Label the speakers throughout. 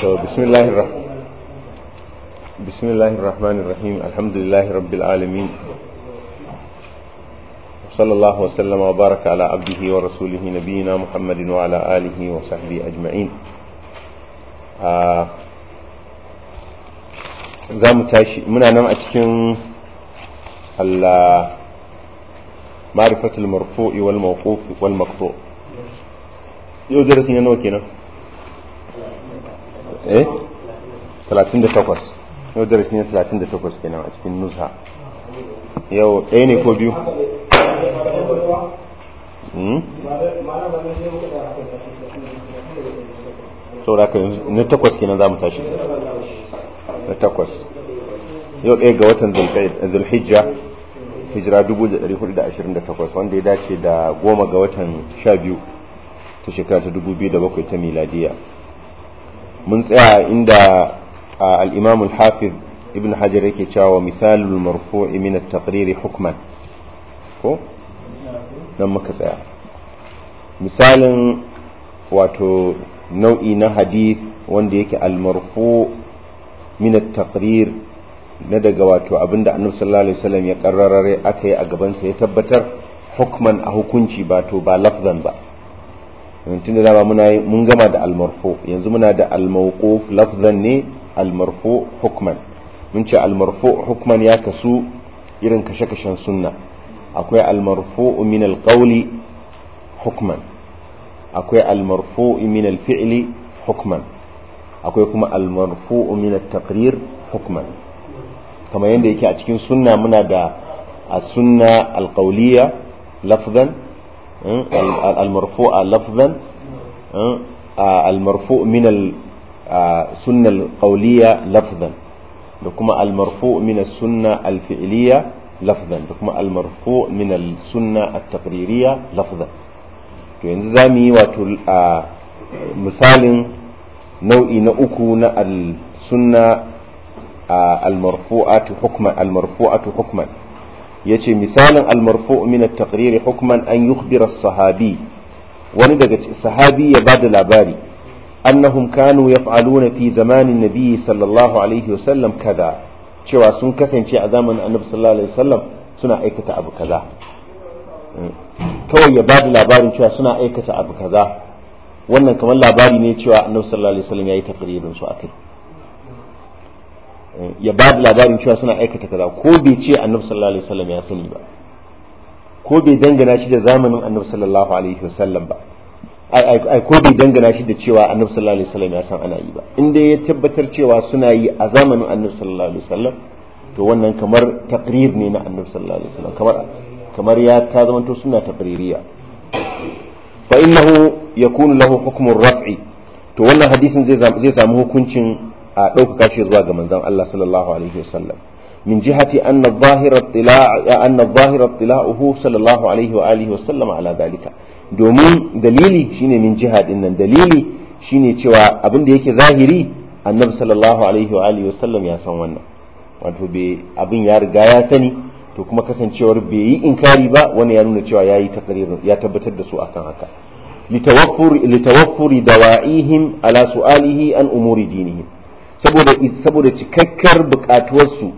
Speaker 1: بسم الله الرحمن بسم الله الرحمن الرحيم الحمد لله رب العالمين صلى الله وسلم وبارك على عبده ورسوله نبينا محمد وعلى آله وصحبه أجمعين za mu tashi muna nan a cikin ma'arifatul marfu'i wal mawquf wal maqtu yau darasin ya nawa kenan eh 38 yau darasi ne 38 kenan a cikin nusa yau ɗaya ne ko biyu hmm? saboda haka na takwas kenan za mu tashi na takwas yau ɗaya ga watan zulhijja hijira 1428 wanda ya dace da goma ga watan sha biyu ta shekara ta 2007 ta miladiya mun tsaya inda al-imam al-hafiz ibn hajar yake cewa misalul marfu'i min at-taqrir hukman ko nan muka tsaya misalin wato nau'i na hadith wanda yake al-marfu min at-taqrir na daga wato abinda annabi sallallahu alaihi wasallam ya karrarare aka yi a gabansa ya tabbatar hukman a hukunci ba to ba lafzan ba tun da dama muna mun gama da almarfo yanzu muna da almarfo lafzan ne almarfo hukman mun ce almarfo hukman ya kasu irin kashe-kashen sunna akwai almarfo min alƙauli hukman akwai almarfo min alfi'li hukman akwai kuma almarfo min taqrir hukman kamar yadda yake a cikin sunna muna da a sunna alƙauliya lafzan المرفوع لفظا آه، المرفوع من السنة آه، القولية لفظا لكما المرفوع من السنة الفعلية لفظا لكما المرفوع من السنة التقريرية لفظا to yanzu za mu yi wato a misalin nau'i na uku yace misalin al-marfu' min at-taqrir hukman an yukhbira as-sahabi wani daga sahabi ya bada labari annahum kanu yaf'aluna fi zamanin nabi sallallahu alaihi wasallam kaza cewa sun kasance a zamanin annabi sallallahu alaihi wasallam suna aikata abu kaza kawai ya bada labarin cewa suna aikata abu kaza wannan kamar labari ne cewa annabi sallallahu alaihi wasallam yayi taqririn su akai ya ba da labarin cewa suna aikata kaza ko bai ce annabi sallallahu alaihi wasallam ya sani ba ko bai dangana shi da zamanin annabi sallallahu alaihi wasallam ba ai ko bai dangana shi da cewa annabi sallallahu alaihi wasallam ya san ana yi ba inda ya tabbatar cewa suna yi a zamanin annabi sallallahu alaihi wasallam to wannan kamar taqrir ne na annabi sallallahu alaihi wasallam kamar kamar ya ta to suna taqririya fa innahu yakunu lahu hukmu raf'i to wannan hadisin zai zai samu hukuncin a ɗaukaka shi zuwa ga manzon Allah sallallahu alaihi wasallam min jihati anna adh-dhahira ittila'uhu sallallahu alaihi wa alihi wasallam ala dalika domin dalili shine min jiha din nan dalili shine cewa abin da yake zahiri annabi sallallahu alaihi wa alihi wasallam ya san wannan wato be abin ya riga ya sani to kuma kasancewar bai yi inkari ba wani ya nuna cewa yayi takririn ya tabbatar da su akan haka litawaffuri litawaffuri dawa'ihim ala su'alihi an umuri dinihim saboda saboda cikakkar bukatuwarsu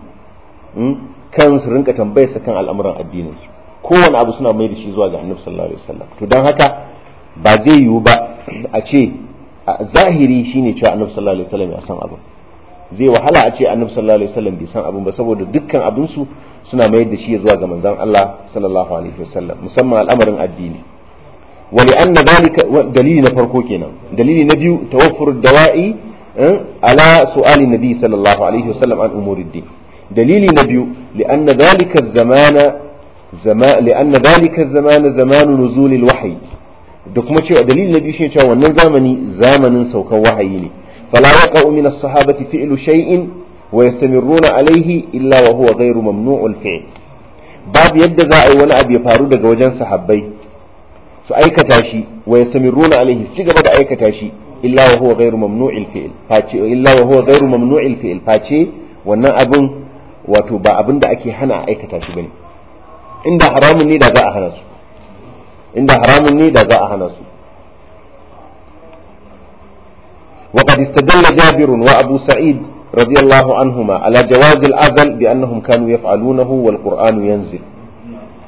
Speaker 1: hmm, kan su rinka tambayarsa kan al'amuran addininsu kowane abu suna mai da shi zuwa ga annabi sallallahu alaihi wasallam to don haka ba zai yiwu ba a ce zahiri shine cewa annabi sallallahu alaihi wasallam ya san abu zai wahala a ce annabi sallallahu alaihi wasallam bai san abun ba saboda dukkan abin su suna mayar da shi zuwa ga manzon Allah sallallahu alaihi wasallam musamman al'amarin addini wa li anna dalika dalili na farko kenan dalili na biyu tawaffur dawa'i Hmm? ala su'ali nabi sallallahu alaihi wasallam an umuri din dalili na biyu li'anna dhalika zamana zama li'anna dhalika zamana zamanu nuzul da kuma cewa dalili na biyu shine cewa wannan zamani zamanin saukar wahayi ne fala yaqa'u min as-sahabati fi'lu shay'in wa yastamirruna alayhi illa wa huwa gairu mamnu'ul fi'l babu yadda za a yi wani abu ya faru daga wajen sahabbai su aikata shi wa yastamirruna alayhi ci gaba da aikata shi illa wa huwa ghairu mamnu'il fi'l face illa wa huwa ghairu mamnu'il fi'l face wannan abin wato ba abin da ake hana a aikata shi bane inda haramun ne da za a hana su inda haramun ne da za a hana su وقد استدل جابر وأبو سعيد رضي الله عنهما على جواز الأذن بأنهم كانوا يفعلونه والقرآن ينزل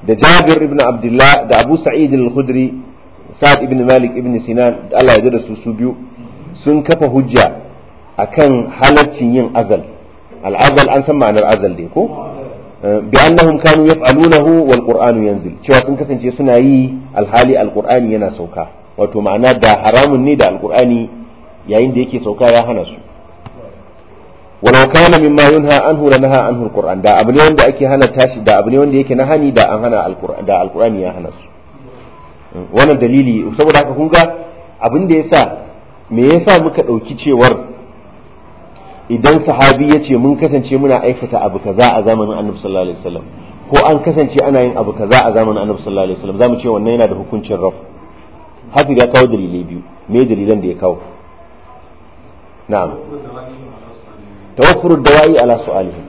Speaker 1: da jabir ibn abdullah da abu sa'id al-khudri sa'ad ibn malik ibn sinan Allah ya da su su biyu sun kafa hujja akan halaccin yin azal al'azal an san ma'anar azal ne, ko eh, bi annahum kanu yaf'alunahu wal qur'anu yanzil cewa sun kasance suna yi alhali alqur'ani yana sauka wato ma'ana da haramun ne da alqur'ani yayin da yake sauka ya hana su walau kana mimma yunha anhu la anhu alqur'an da abu ne wanda ake hana tashi da abu ne wanda yake na hani da an hana da alqur'ani ya hana su wannan dalili saboda haka kun ga abin da yasa me yasa muka ɗauki cewar idan sahabi ya ce mun kasance muna aikata abu kaza a zamanin annabi sallallahu alaihi wasallam ko an kasance ana yin abu kaza a zamanin annabi sallallahu alaihi wasallam zamu ce wannan yana da hukuncin raf hafi ya kawo dalilai biyu me dalilan da ya kawo na'am tawaffur dawa'i ala su'alihi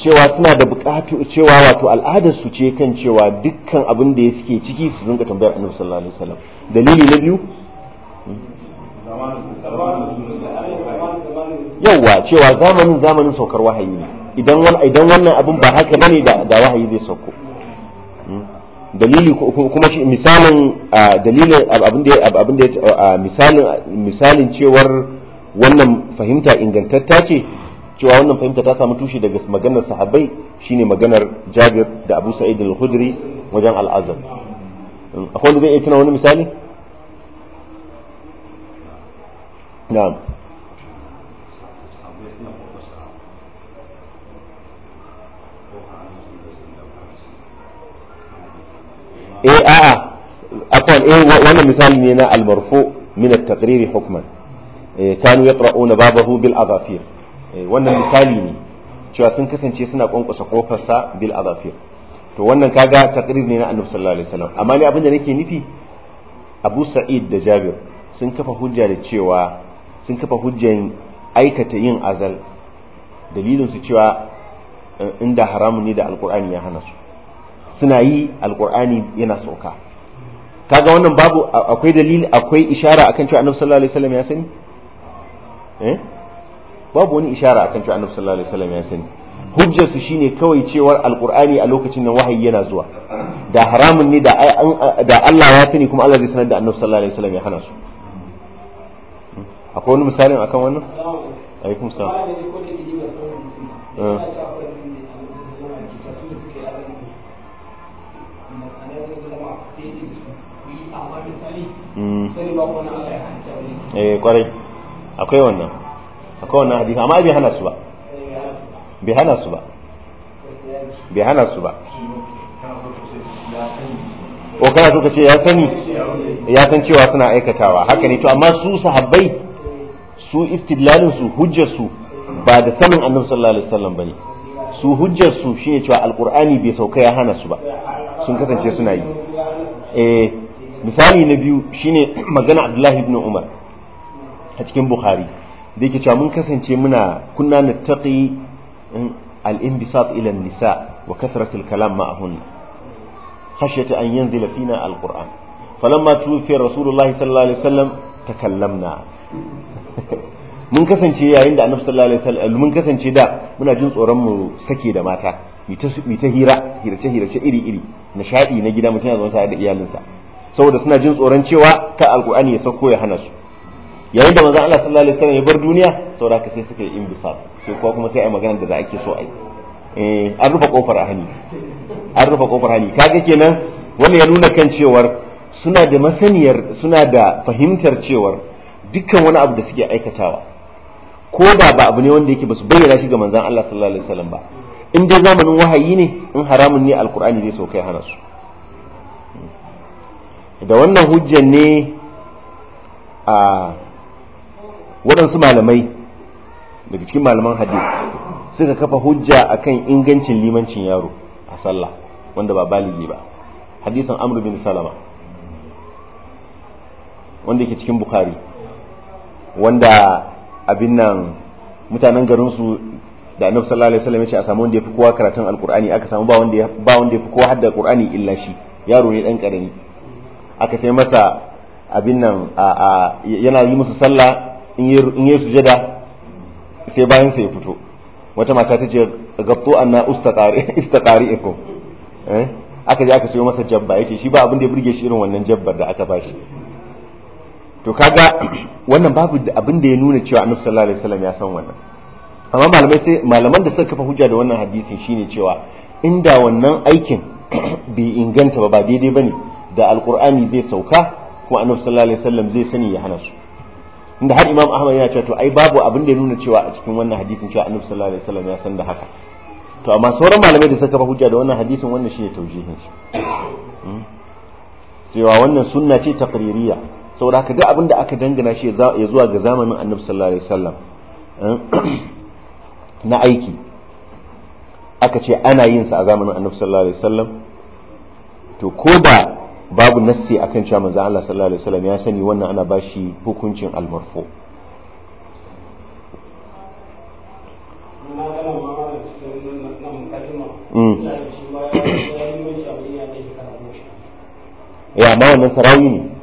Speaker 1: cewa suna da bukatu cewa wato al'adar su ce kan cewa dukkan abin da suke ciki su rinka tambayar annabi sallallahu alaihi wasallam dalili na biyu yawa cewa zamanin zamanin saukar wahayi ne idan wannan idan wannan abin ba haka bane da da wahayi zai sauko hmm? dalili kuma shi misalin dalilin abin da abin da misalin misalin cewar wannan fahimta ingantatta ce cewa wannan fahimta ta samu tushe daga maganar sahabbai shine maganar Jabir da Abu Sa'id al-Khudri wajen al-Azam akwai wanda zai iya tuna wani misali na'am eh a'a akwai eh wannan misali ne na al-marfu min at-taqrir hukman kanu yaqra'una babahu bil adafir Eh, wannan misali ne cewa sun kasance suna kwankwasa kofarsa bil azafir to wannan kaga takrir ne na annabi sallallahu alaihi wasallam amma ni abin da nake nufi abu sa'id da jabir sun kafa hujja da cewa sun kafa hujjan aikata yin azal dalilin su cewa eh, inda haramun ne da alqur'ani ya hana su suna yi alqur'ani yana sauka kaga wannan babu akwai dalili akwai ishara akan cewa annabi sallallahu alaihi wasallam ya sani eh babu wani ishara akan cewa annabi sallallahu alaihi wasallam ya sani hujjar su shine kawai cewar alqur'ani a lokacin nan wahayi yana zuwa da haramun ne da da Allah ya sani kuma Allah zai sanar da annabi sallallahu alaihi wasallam ya hana su akwai wani misalin akan wannan alaikum salam eh, hmm. eh kwarai akwai wannan akwai wannan hadisi amma bai hana su ba bai hana su ba
Speaker 2: bai hana su ba O kana so ka ce ya sani ya san cewa suna aikatawa haka ne to amma
Speaker 1: su sahabbai su istidlalin su hujjar su ba da sanin annabi sallallahu alaihi wasallam bane su hujjar su shine cewa alqur'ani bai sauka ya hana su ba sun kasance suna yi eh misali na biyu shine magana abdullahi ibn umar a cikin bukhari da yake cewa mun kasance muna kunna nattaqi al-inbisat ila an-nisa wa kathrat al-kalam ma'ahun khashyata an yanzu lafina al-Qur'an falamma tuwfiya Rasulullahi sallallahu alaihi sallam ta kallamna. mun kasance yayin da Annabi sallallahu alaihi wasallam mun kasance da muna jin tsoron mu sake da mata mu ta hira hirace hirace iri iri nishaɗi na gida mutum ya zama tare da iyalinsa saboda suna jin tsoron cewa ta alqur'ani ya sauko ya hana su yayin da manzon Allah sallallahu alaihi wasallam ya bar duniya saboda haka sai suka yi imbisal sai kuwa kuma sai ai magana da za ake so ai eh an rufe kofar hani an rufe kofar hani kaga kenan wannan ya nuna kan cewar suna da masaniyar suna da fahimtar cewar dukkan wani abu da suke aikatawa ko da ba abu ne wanda yake basu bayyana shi ga manzon Allah sallallahu alaihi wasallam ba in dai zamanin wahayi ne in haramun ne alkur'ani zai sauka ya hana su da wannan hujjan ne a waɗansu malamai daga cikin malaman hadis suka kafa hujja akan ingancin limancin yaro a sallah wanda ba baligi ba hadisan amr bin salama wanda yake cikin bukhari wanda abin nan mutanen garinsu da annabi sallallahu alaihi wasallam ya ce a samu wanda ya fi kowa karatun alkur'ani aka samu ba wanda ba wanda ya fi kowa hadda alkur'ani illa shi yaro ne dan karami aka sai masa abin nan yana yi musu sallah in yi sujada sai bayan sai ya fito wata mata ta ce gabto na istaqari ikum eh aka ji aka siyo masa jabba ce shi ba abin da ya burge shi irin wannan jabbar da aka bashi to kaga wannan babu abin da ya nuna cewa annabi sallallahu alaihi wasallam ya san wannan amma malamai sai malaman da suka kafa hujja da wannan hadisi shine cewa inda wannan aikin bai inganta ba ba daidai bane da alqur'ani zai sauka ko annabi sallallahu alaihi wasallam zai sani ya hana su inda har imam ahmad yana cewa to ai babu abin da ya nuna cewa a cikin wannan hadisin cewa annabi sallallahu alaihi wasallam ya san da haka to amma sauran malamai da suka kafa hujja da wannan hadisin wannan shine taujihin shi hmm? cewa wannan sunna ce taqririya saboda haka duk abin da aka dangana shi ya zuwa ga zamanin annabi sallallahu alaihi wasallam hmm? na aiki aka ce ana yin sa a zamanin annabi sallallahu alaihi wasallam to ko da babu nassi akan cewa manzo Allah sallallahu alaihi wasallam ya sani wannan ana bashi hukuncin almarfu mm. ya ma wannan tarawi ne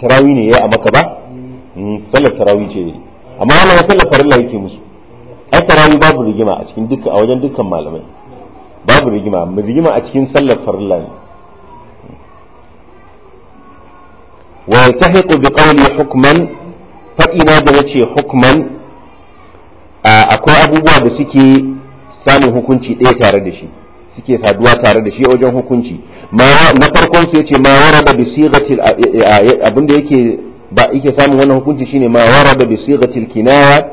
Speaker 1: tarawi ne ya a maka ba mm, sallar tarawi ce ne amma wannan sallar farilla yake musu ai tarawi babu rigima a cikin dukkan a wajen dukkan malamai babu rigima rigima a cikin sallar farilla ne wa yaltahiqu bi qawli hukman fadina da nace hukman akwai abubuwa da suke samun hukunci ɗaya tare da shi suke saduwa tare da shi wajen hukunci na farkon su ce ma warada bi sigatil abinda yake ba yake samun wannan hukunci shine ma warada bi sigatil kinaya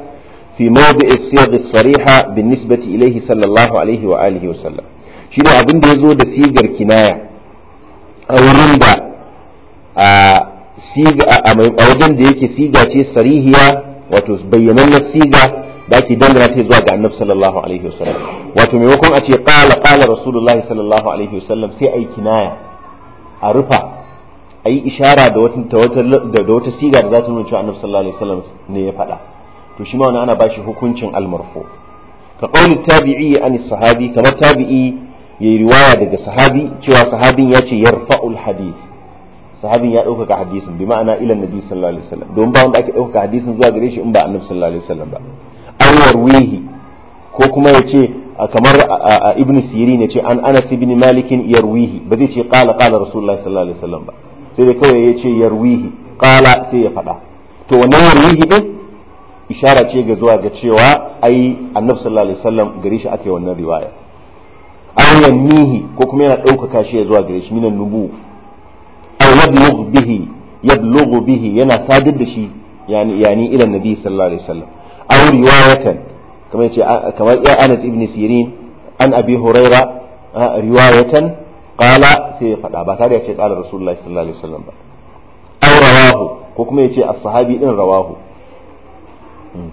Speaker 1: fi mawdi'i sighi sariha bin nisbati ilayhi sallallahu alaihi wa alihi wa sallam shine abin da ya zo da sigar kinaya a wurin da a wajen da yake siga ce sarihiya wato na siga da ake dangana ta zuwa ga annabi sallallahu alaihi wasallam wato maimakon a ce qala qala rasulullahi sallallahu alaihi wasallam sai ai kinaya a rufa a yi ishara da wata da wata siga da za ta nuna cewa annabi sallallahu alaihi wasallam ne ya faɗa to shi ma ana bashi hukuncin almarfu ka qawli tabi'i an sahabi kamar tabi'i yayi riwaya daga sahabi cewa sahabin ya ce yarfa'ul hadith sahabin ya ɗaukaka hadisin bi ma'ana ila nabi sallallahu alaihi wasallam don ba wanda ake ɗaukaka hadisin zuwa gare shi in ba annabi sallallahu alaihi wasallam ba an warwihi ko kuma ya ce kamar ibn sirin ya ce an anas ibn malik yarwihi ba zai ce qala qala rasulullahi sallallahu alaihi wasallam ba sai dai kawai ya ce yarwihi qala sai ya faɗa to wannan yarwihi din ishara ce ga zuwa ga cewa ai annabi sallallahu alaihi wasallam gare shi aka yi wannan riwaya aw mihi ko kuma yana ɗaukaka shi ya zuwa gare shi minan nubu aw yablughu bihi yablughu bihi yana sadar da shi yani yani ila nabi sallallahu alaihi wasallam aw riwayatan kamar yace kamar ya Anas ibn Sirin an Abi Huraira riwayatan qala sai ya faɗa ba tare ya ce qala rasulullahi sallallahu alaihi wasallam ba aw rawahu ko kuma yace as-sahabi din rawahu hmm.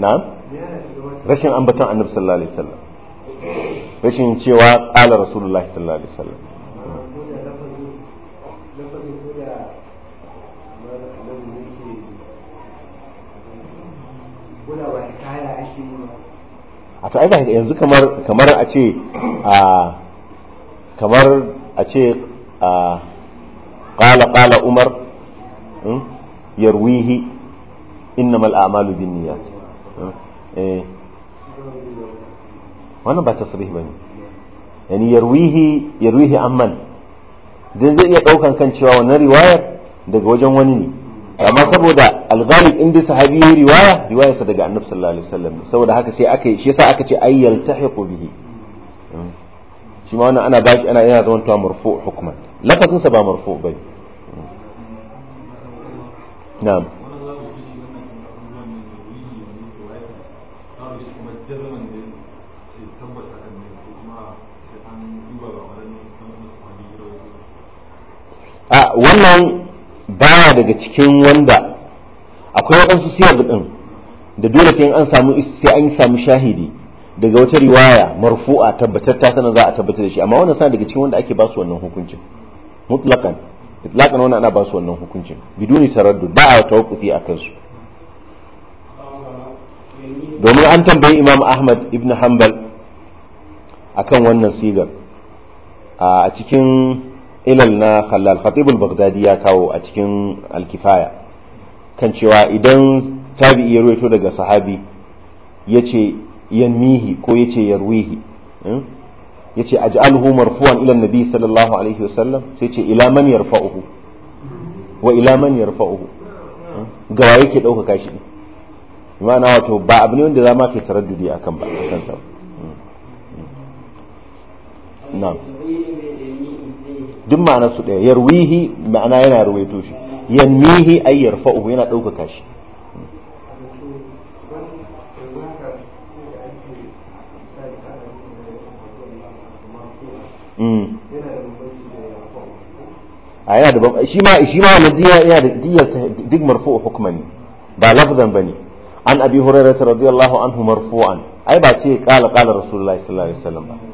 Speaker 1: na'am rashin ambaton annabi sallallahu alaihi wasallam rashin cewa qala rasulullahi sallallahu alaihi wasallam a ta aika yanzu kamar kamar a ce a kamar a ce a kala kala umar hmm, yarwihi innamal a'malu binniyat hmm. eh wannan ba tasrih bane yani yarwihi yarwihi amman dan zai iya daukan kan cewa wannan riwayar daga wajen wani ne amma saboda al-ghalib inda sahabi riwaya riwaya riwayarsa daga annabi sallallahu alaihi wasallam saboda haka sai aka shi yasa aka ce ay yaltahiqu bihi hmm. shi ma wannan ana baki ana yana zaman tuwa marfu hukman lafazin sa ba marfu bane hmm. na'am a wannan baya daga cikin wanda akwai waɗansu siyar ɗin da dole sai an samu sai an samu shahidi daga wata riwaya marfu'a tabbatatta sanar za a tabbatar da shi amma wannan sana daga cikin wanda ake ba su wannan hukuncin mutlaqan mutlaqan wannan ana ba su wannan hukuncin biduni taraddud ba a tawqufi a su domin an tambayi imam ahmad ibn hanbal akan wannan sigar a cikin ilal na khatib al-baghdadi ya kawo a cikin al-kifaya kan cewa idan tabi'i ya ruwaito daga sahabi yace yanmihi ko yace yarwihi hmm? yace aj'alhu marfu'an ila nabi sallallahu alaihi wasallam sai ce ila man yarfa'uhu wa ila man yarfa'uhu hmm? ga waye ke dauka shi ma'ana wato ba abu ne wanda za ma ke taraddudi akan ba kansa hmm. na'am duk ma'anar su ɗaya yarwihi ma'ana yana ruwaito shi yanmihi ay yarfa'uhu yana ɗaukaka shi hmm. a yana da shi ma shi ma wannan yana da diyar duk marfu'u hukumani ba lafzan bane an abi hurairah radiyallahu anhu marfu'an ai ba ce qala qala rasulullahi sallallahu alaihi wasallam ba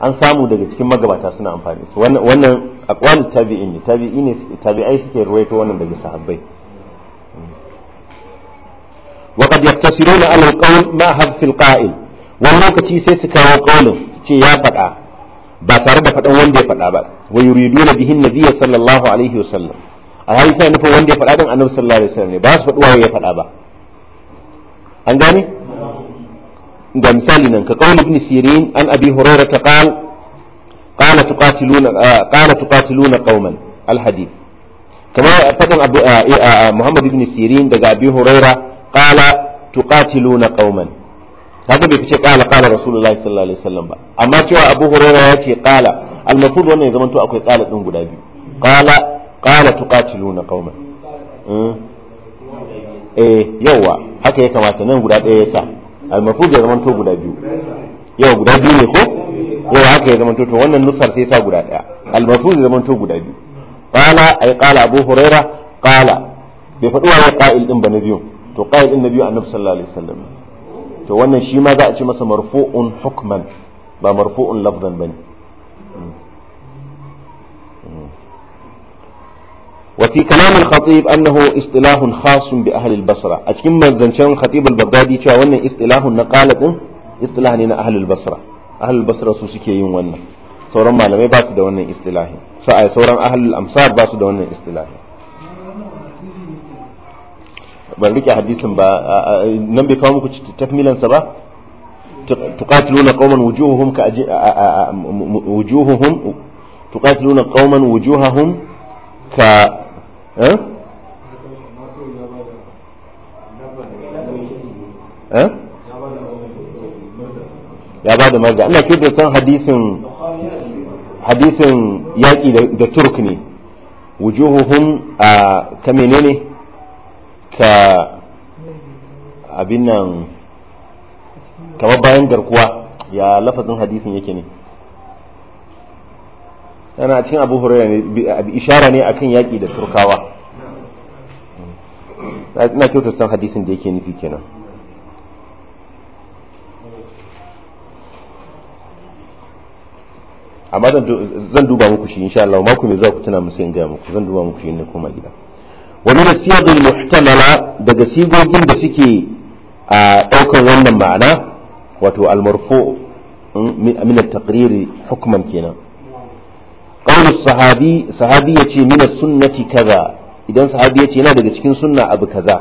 Speaker 1: an samu daga cikin magabata suna amfani su wannan aqwalu tabi'in ne tabi'i ne tabi'ai suke ruwaito wannan daga sahabbai wa qad yaqtasiruna ala alqawl ma hadf alqa'il wani lokaci sai su kawo qawlin su ce ya faɗa ba tare da faɗan wanda ya faɗa ba wa yuriduna bihin an-nabiy sallallahu alaihi wa sallam a hali sai nufin wanda ya faɗa din annabi sallallahu alaihi wasallam ne ba su faɗuwa waye ya faɗa ba an gane ga misali nan ka kauli ibn sirin an abi hurairah ta qal qala tuqatiluna qala tuqatiluna qauman al hadith kamar fadan abu muhammad ibn sirin daga abi hurairah qala tuqatiluna qauman haka bai fice qala qala rasulullahi sallallahu alaihi wasallam ba amma cewa abu hurairah ya ce qala al mafud wannan ya zamanto akwai qala din guda biyu qala qala tuqatiluna qauman eh yawa haka ya kamata nan guda ɗaya ya sa al-mafruj ya zamanto guda biyu yawa guda biyu ne ko yawa haka ya zamanto to wannan nusar sai sa guda daya al-mafruj ya zamanto guda biyu qala ay qala abu huraira qala bai faɗi wa qa'il din ba na biyu to qa'il din na biyu annabi sallallahu alaihi wasallam to wannan shi ma za a ce masa marfu'un hukman ba marfu'un lafzan bane وفي كلام الخطيب أنه اصطلاح خاص بأهل البصرة أتكلم من خطيب البغدادي شاونا اصطلاح نقالة اصطلاح لنا أهل البصرة أهل البصرة سوسكي يوانا سورا ما لم يبعث دوانا اصطلاح سأي سورا آه، أهل الأمصار بعث دوانا اصطلاح بل لك حديث با آه، آه، نبي فهمك تكملا سبا تقاتلون قوما وجوههم وجوههم تقاتلون قوما وجوههم ك ya ba da marja ina ke da san hadisin hadisin yaƙi da turk ne wujuhuhum a ka menene ka abin nan kamar bayan garkuwa ya lafazin hadisin yake ne yana cikin abu hurairu ne ishara ne akan yaƙi da turkawa ina kyautar san hadisin da yake nufi kenan amma zan duba muku shi insha Allah mako mai zuwa ku tana musu in gaya muku zan duba muku shi ne kuma gida wa min as da muhtamala daga sigogin da suke a daukan wannan ma'ana wato al-marfu mm, min at-taqrir hukman kenan as sahabi sahabi yace min as-sunnati kaza idan sahabi ya ce yana daga cikin sunna abu kaza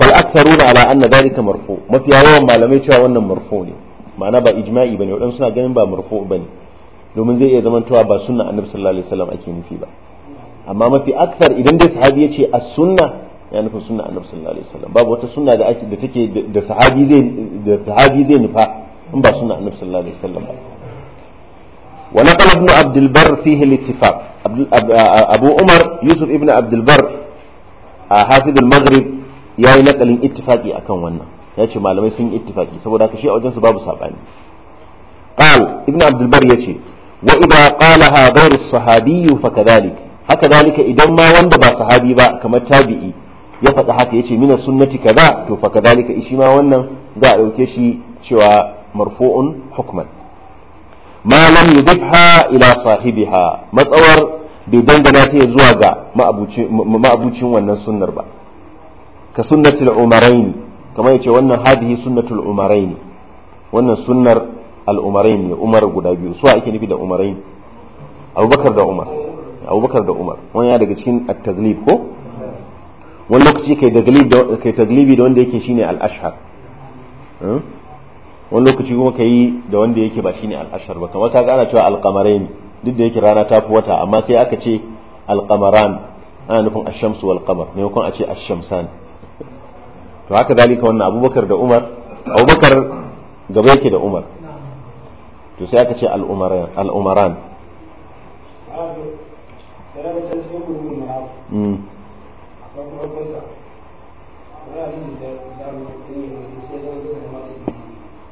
Speaker 1: fal aktharuna ala anna dhalika marfu mafi yawan malamai cewa wannan marfu ne ma'ana ba ijma'i bane wadansu suna ganin ba marfu bane domin zai iya zamantowa ba sunna annabi sallallahu alaihi wasallam ake nufi ba amma mafi akthar idan dai sahabi ya ce as-sunna ya nufin sunna annabi sallallahu alaihi wasallam babu wata sunna da ake da take da sahabi zai da sahabi zai nufa in ba sunna annabi sallallahu alaihi wasallam ba ونقل ابن عبد البر فيه الاتفاق أبو عمر يوسف ابن عبد البر حافظ المغرب يا نقل اتفاقي أكون ونا يأتي ما لم يسن اتفاقي سبو ذاك شيء أوجنس باب سابعني قال ابن عبد البر يأتي وإذا قالها غير الصحابي فكذلك هكذلك إذا ما وندب صحابي با كما تابعي ya faɗi haka ya ce mina sunnati kaza to fa kadhalika ishi ma wannan za a ɗauke shi cewa marfu'un hukman ma lam yudibha ila sahibiha matsawar bai dangana ta zuwa ga ma'abucin wannan sunnar ba ka sunnatul umarain kamar yace wannan hadihi sunnatul umarain wannan sunnar al umarain ne umar guda biyu su ake nufi da umarain abubakar da umar abubakar da umar wani ya daga cikin at-taglib ko wani lokaci kai taglibi da wanda yake shine al-ashhar wani lokaci kuma ka yi da wanda yake ba shine al'ashar ba kamar ka ana cewa alqamarain duk da yake rana ta fi wata amma sai aka ce alqamaran ana nufin ash-shamsu wal qamar maimakon a ce ash-shamsan to haka dalika wannan abubakar da umar abubakar gaba yake da umar to sai aka ce al-umaran al-umaran hmm.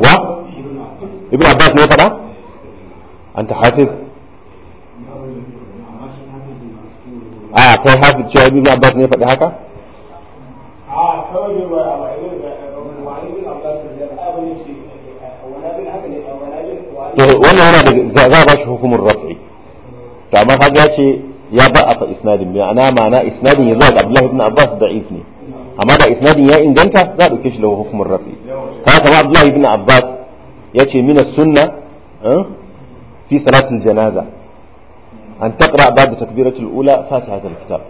Speaker 1: wa ibn abbas ne fada anta hafiz a kai hafiz cewa ibn abbas ne fada haka to wannan yana da za a ba shi hukumar rafi to amma kaga ya ce ya ba a fa isnadin bi ana ma'ana isnadin yanzu ga Abdullahi ibn Abbas da ne amma da isnadin ya inganta za a dauke shi da hukumar rafi ta kama abdullahi ibn abbas ya ce mina sunna eh, fi salatul janaza an taqra ba'da takbiratul ula fa ta fatihatul kitab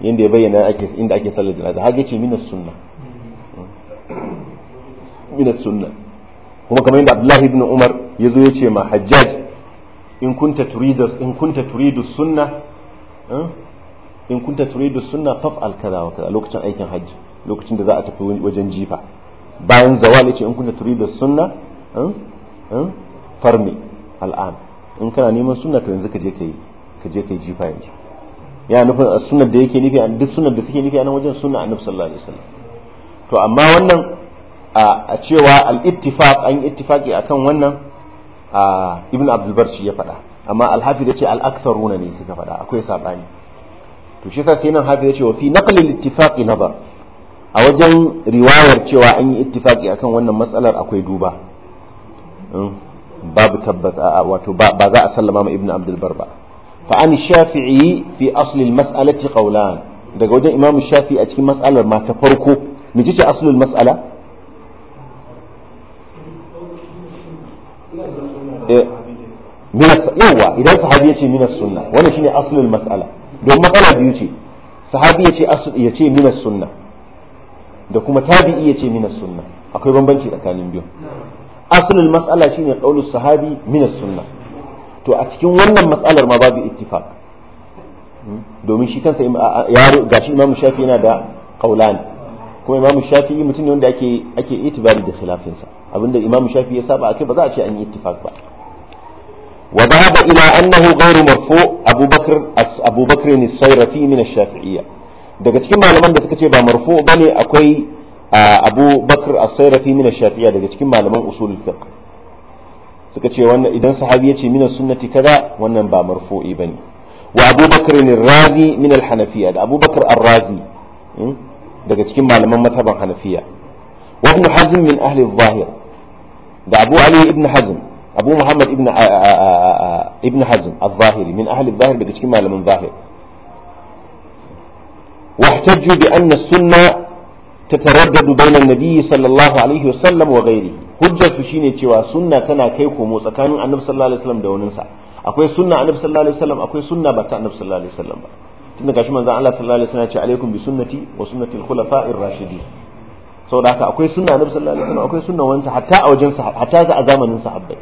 Speaker 1: yanda ya bayyana ake inda ake sallar janaza haka yace mina sunna mina sunna kuma kamar yadda abdullahi ibn umar ya zo ya ce ma hajjaj in kunta turidu in kunta turidu sunna eh, in kunta turidu sunna faf'al kaza wa kaza lokacin aikin hajji lokacin da za a tafi wajen jifa bayan zawal yace in kunta turidu sunna eh, eh, farmi al'an in kana neman sunna to yanzu ka je kai ka je kai jifa yanzu ya nufin sunnar da yake nufi a duk sunnar da suke nufi a nan wajen sunna annabi sallallahu alaihi wasallam to amma wannan a cewa al-ittifaq an ittifaqi akan wannan ibn abdul barshi ya faɗa amma al-hafiz yace al-aktharuna ne suka faɗa akwai sabani to shi yasa sai nan hafiz yace wa fi naqli al-ittifaqi nazar a wajen riwayar cewa an yi ittifaki akan wannan matsalar akwai duba hmm? babu tabbas wato ba za a sallama ma ibnu abdul bar ba fa an shafi'i fi asli mas'alati qawlan daga wajen imam shafi'i a cikin mas'alar ma ta farko mu ji ce aslul mas'ala eh, yawa idan sahabi ya ce minas sunna wannan shine aslul mas'ala don matsala biyu ce sahabi ya ce ya minas sunna da kuma tabi'i yace min sunna akwai bambanci tsakanin biyu asalin mas'ala shine qaulus sahabi min sunna to a cikin wannan mas'alar ma babu ittifaq hmm? domin shi kansa ya gashi imamu shafi yana da qaulan kuma imamu shafi mutum ne wanda ake ake itibari da khilafinsa abinda imamu shafi ya saba akai ba za a ce an yi ittifaq ba وذهب إلى أنه غير مرفوع أبو بكر ni بكر السيرفي من daga cikin malaman da suka ce ba marfu bane akwai abu bakr as-sayrafi min ash daga cikin malaman usul fiqh suka ce wannan idan sahabi ya ce min sunnati kaza wannan ba marfu'i bane wa abu bakr ar-razi min al da abu bakr ar-razi hmm, daga cikin malaman mazhaban hanafiya wa ibn hazm min ahli adh da abu ali ibn hazm abu muhammad ibn ibn hazm adh-dhahiri min ahli adh daga cikin malaman zahir واحتجوا بأن السنة تتردد بين النبي صلى الله عليه وسلم وغيره hujjar su shine cewa sunna tana kai komo tsakanin annabi sallallahu alaihi wasallam da waninsa akwai sunna annabi sallallahu alaihi akwai sunna ba ta annabi sallallahu alaihi tunda gashi manzon Allah sallallahu alaihi wasallam ce alaikum bi sunnati wa sunnati al-khulafa'ir rashidin saboda haka akwai sunna annabi sallallahu alaihi akwai sunna wanta hatta a wajen sa hatta a zamanin sahabbai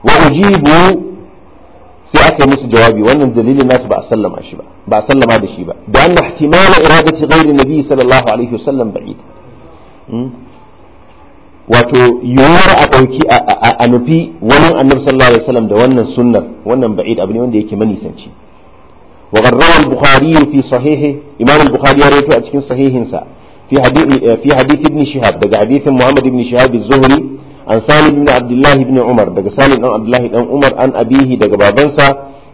Speaker 1: wa ujibu aka yi musu jawabi wannan dalilin nasu ba a sallama shi ba ba a sallama da shi ba da anna ihtimala iradati ghairi nabi sallallahu alaihi wasallam ba'id hmm? wato yiwuwar a dauki a nufi wannan annabi sallallahu alaihi wasallam da wannan sunnar wannan ba'id abu ne wanda yake manisanci wa garrawa al-bukhari fi sahihi imam al-bukhari ya rawaito a cikin sahihinsa fi hadith fi hadith ibn shihab daga hadithin muhammad ibn shihab az-zuhri an salim ibn abdullahi ibn umar daga salim dan abdullahi dan umar an abihi daga babansa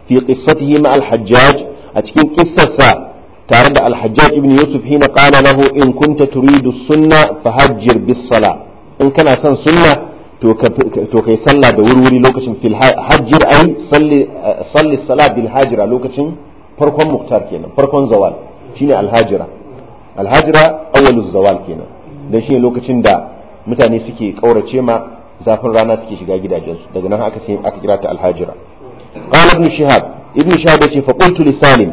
Speaker 1: fi qissatihi ma al-hajjaj a cikin kissarsa tare da al-hajjaj ibn yusuf hina qala lahu in kunta turidu sunna hajjir bis sala in kana son sunna to kai sallah da wurwuri lokacin fil hajjir ai salli salli sala bil hajira lokacin farkon muktar kenan farkon zawal shine al hajira al hajira awwaluz zawal kenan dan shine lokacin da mutane suke kaurace ma zafin rana suke shiga gidajensu daga nan aka sai aka kira ta alhajira qala ibn shihab ibn shihab yace fa qultu li salim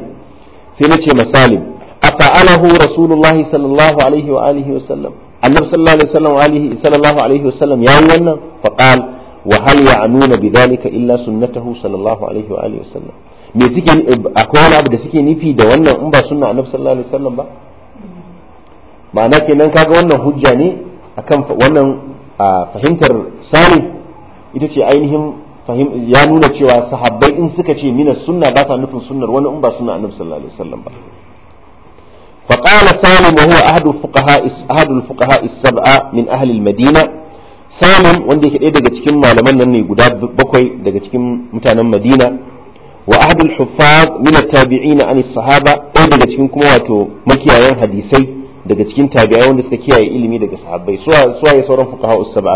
Speaker 1: sai nace ma salim afa'alahu rasulullahi sallallahu alaihi wa alihi wa sallam annab sallallahu alaihi wa alihi sallallahu alaihi wannan fa qala wa hal ya'nuna bidhalika illa sunnatahu sallallahu alaihi wa alihi sallam me suke akwai wani abu da suke nufi da wannan in ba sunna annab sallallahu alaihi wa sallam ba ma'ana kenan kaga wannan hujja ne akan wannan fahimtar sani ita ce ainihin ya nuna cewa sahabbai in suka ce mina suna ba sa nufin sunar wani in ba sunna annabi sallallahu ba fa qala salim wa huwa ahadu fuqaha ahadu min ahli al-madina salim wanda yake ɗaya daga cikin malaman nan ne guda bakwai daga cikin mutanen madina wa ahadu al-huffaz min at-tabi'in an sahaba ɗaya daga cikin kuma wato makiyayan hadisai daga cikin tabi'ai wanda suka kiyaye ilimi daga sahabbai suwa ya sauran fuqaha ha'us saba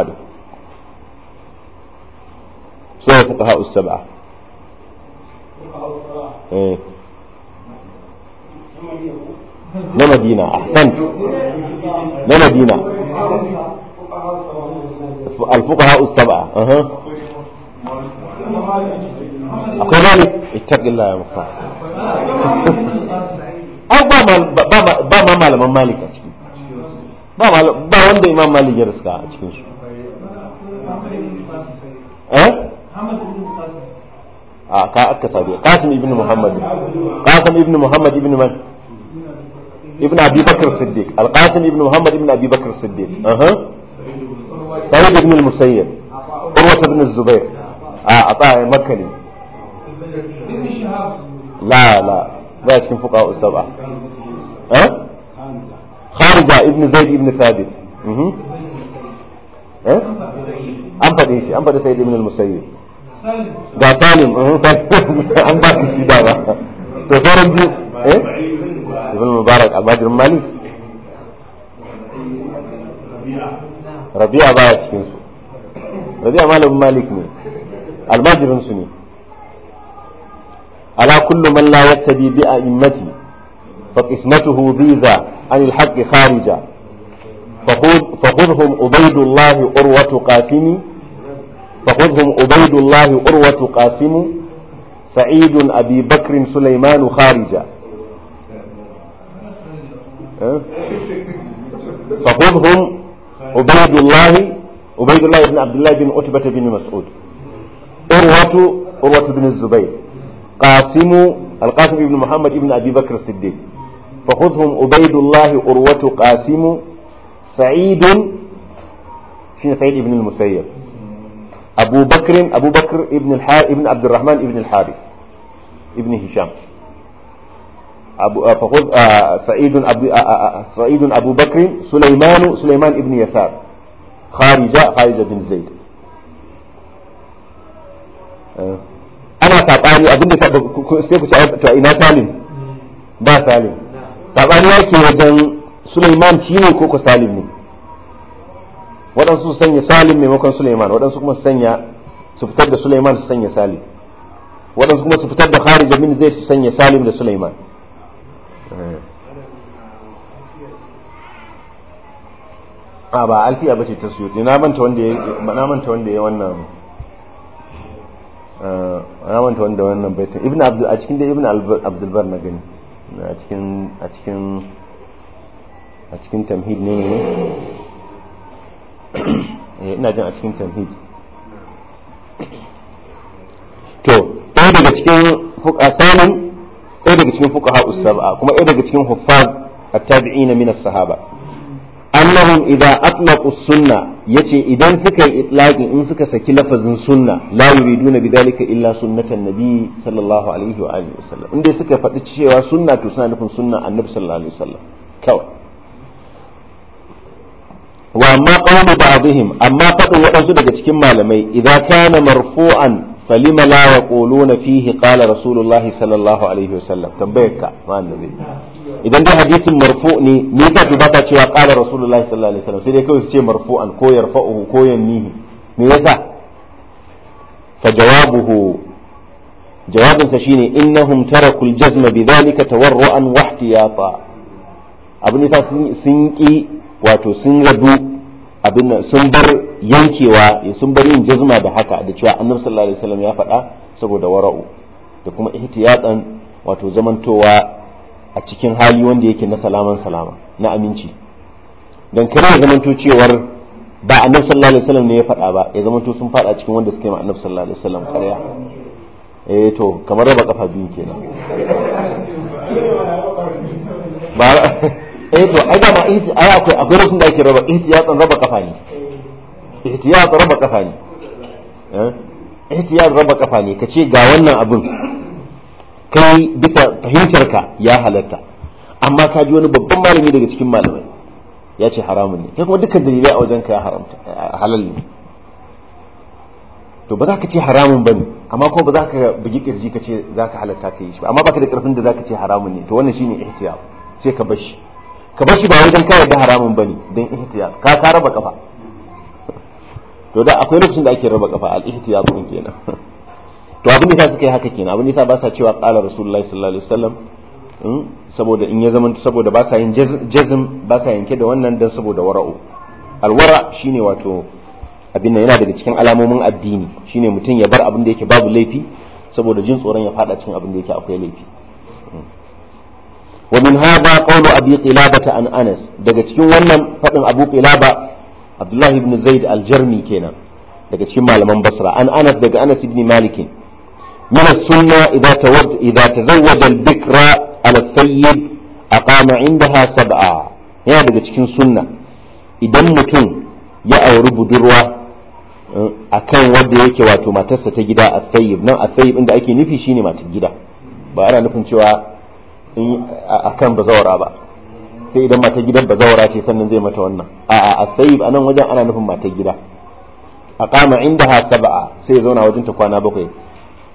Speaker 1: Su suwa ya fuqaha us-sab'a eh. na Madina ahsan na Madina al-fuqaha saba'a. saba wani akwai malik ittaqillah ya mukhtar ai ba ma malaman malik a ciki ba wanda imam malik ya riska a cikin su eh? a ka aka sabiya kasim ibn muhammad kasim ibn muhammad ibn man ibn abi bakr siddiq al-qasim ibn muhammad ibn abi bakr siddiq aha uh-huh. sa'id ibn al-musayyib urwa ibn az-zubair a ah, ata makkali la la ba cikin fuka usaba eh? kharija ibn zaid ibn thabit mhm. eh? an faɗe shi an faɗe sai ibn al-musayyib
Speaker 2: ga salim mhm, an ba shi da ba to sauran biyu eh ibn
Speaker 1: mubarak abajir malik rabi'a baya cikin su rabi'a malamin malik ne almajirin su ne ألا كل من لا يقتدي بأئمتي فقسمته ضيذا عن الحق خارجا فخذ فخذهم عبيد الله أروة قاسم فخذهم عبيد الله أروة قاسم سعيد أبي بكر سليمان خارجا فخذهم عبيد الله عبيد الله بن عبد الله بن عتبة بن مسعود أروة أروة بن الزبير قاسم القاسم ابن محمد ابن أبي بكر الصديق فخذهم عبيد الله أروة قاسم سعيد شين سعيد ابن المسيب أبو بكر أبو بكر ابن الحار ابن عبد الرحمن ابن الحارث ابن هشام أبو آه، فخذ آه، سعيد أبو آه، سعيد أبو بكر سليمان سليمان ابن يسار خارجة خارجة بن زيد أه ana saɓani abinda sai ku ci a ina salim hmm. ba salim saɓani ke wajen suleiman shi ne ko ku salim ne waɗansu su sanya salim maimakon suleiman waɗansu kuma su sanya su fitar da suleiman su sanya salim waɗansu kuma su fitar da kharija min zai su sanya salim da suleiman eh. a ah, ba alfiya ce ta suyuti na manta wanda ya wannan ya eh, manta wanda wannan baitin ibn abdul a cikin da ibn abdul bar na gani a cikin a cikin a cikin tamhid ne ne eh, ina jin a cikin tamhid to ɗaya daga cikin fuka sanin ɗaya daga cikin fuka ha'us sab'a kuma ɗaya daga cikin huffaz at-tabi'ina min as-sahaba annahum idan atlaqu sunna yace idan suka yi itlaqi in suka saki lafazin sunna la yuriduna bidhalika illa sunnatan nabi sallallahu alaihi wa alihi wasallam inda suka faɗi cewa sunna to suna nufin sunna annabi sallallahu alaihi wasallam kawai wa amma qawlu ba'dihim amma faɗin waɗansu daga cikin malamai idan kana marfu'an falima la yaquluna fihi qala rasulullahi sallallahu alaihi wasallam tambayarka ma annabi idan dai hadisin marfu ne me yasa to ba ta cewa qala rasulullahi sallallahu alaihi wasallam sai dai kawai su ce marfu'an ko yarfa'uhu ko yanmihi me yasa fa jawabuhu jawabin sa shine innahum tarakul jazma bidhalika tawarruan wa ihtiyata abin da sun ki wato sun rabu abin sun bar yankewa sun bar yin jazma da haka da cewa annabi sallallahu alaihi wasallam ya faɗa saboda wara'u da kuma ihtiyatan wato zamantowa a cikin hali wanda yake na salaman salama na aminci don kare ya zamanto cewar ba annabi sallallahu alaihi wasallam ne ya faɗa ba ya zamanto sun faɗa cikin wanda suka yi ma annabi sallallahu alaihi wasallam karya eh to kamar raba kafa biyu kenan ba eh to ai dama ai akwai akwai rasun da ake raba ihtiyatan raba kafa ne ihtiyat raba kafa ne eh ihtiyat raba kafa ne kace ga wannan abin kai bisa fahimtarka ya halatta amma ka ji wani babban malami daga cikin malamai ya ce haramun ne kai kuma dukkan dalilai a wajen ka ya haramta halal ne to ba za ka ce haramun ba ne amma kuma ba za ka bugi kirji ka ce za ka halatta ka yi shi ba amma ba ka da karfin da za ka ce haramun ne to wannan shine ihtiyar sai ka bashi ka bashi ba wajen ka yarda haramun ba ne don ihtiyar ka ka raba kafa to da akwai lokacin da ake raba kafa al ihtiyar din kenan to abin da suka yi haka kenan abin da ba sa cewa qala rasulullahi sallallahu alaihi wasallam hmm, saboda in ya zama saboda ba sa yin jazm ba sa yanke da wannan dan saboda wara'u alwara shine wato abin nan yana daga cikin alamomin addini shine mutum ya bar abin da yake babu laifi saboda jin tsoron ya fada cikin abin da yake akwai laifi hmm. wa min hadha qawlu abi qilabata an anas daga cikin wannan fadin abu qilaba abdullahi ibn zaid al-jarmi kenan daga cikin malaman basra an anas daga anas ibn malikin من السنة إذا, تود إذا تزوج البكرة على السيد أقام عندها سبعة هي daga cikin sunna idan mutum ya auri budurwa akan wanda yake wato matarsa ta gida a نعم nan a أكي inda ake nufi shine بأنا gida شواء ana nufin cewa ba sai idan mata gidan zawara ce sannan zai mata wannan a a tsayib a nan wajen ana nufin mata gida a kama inda ha saba'a sai ya zauna wajen ta kwana bakwai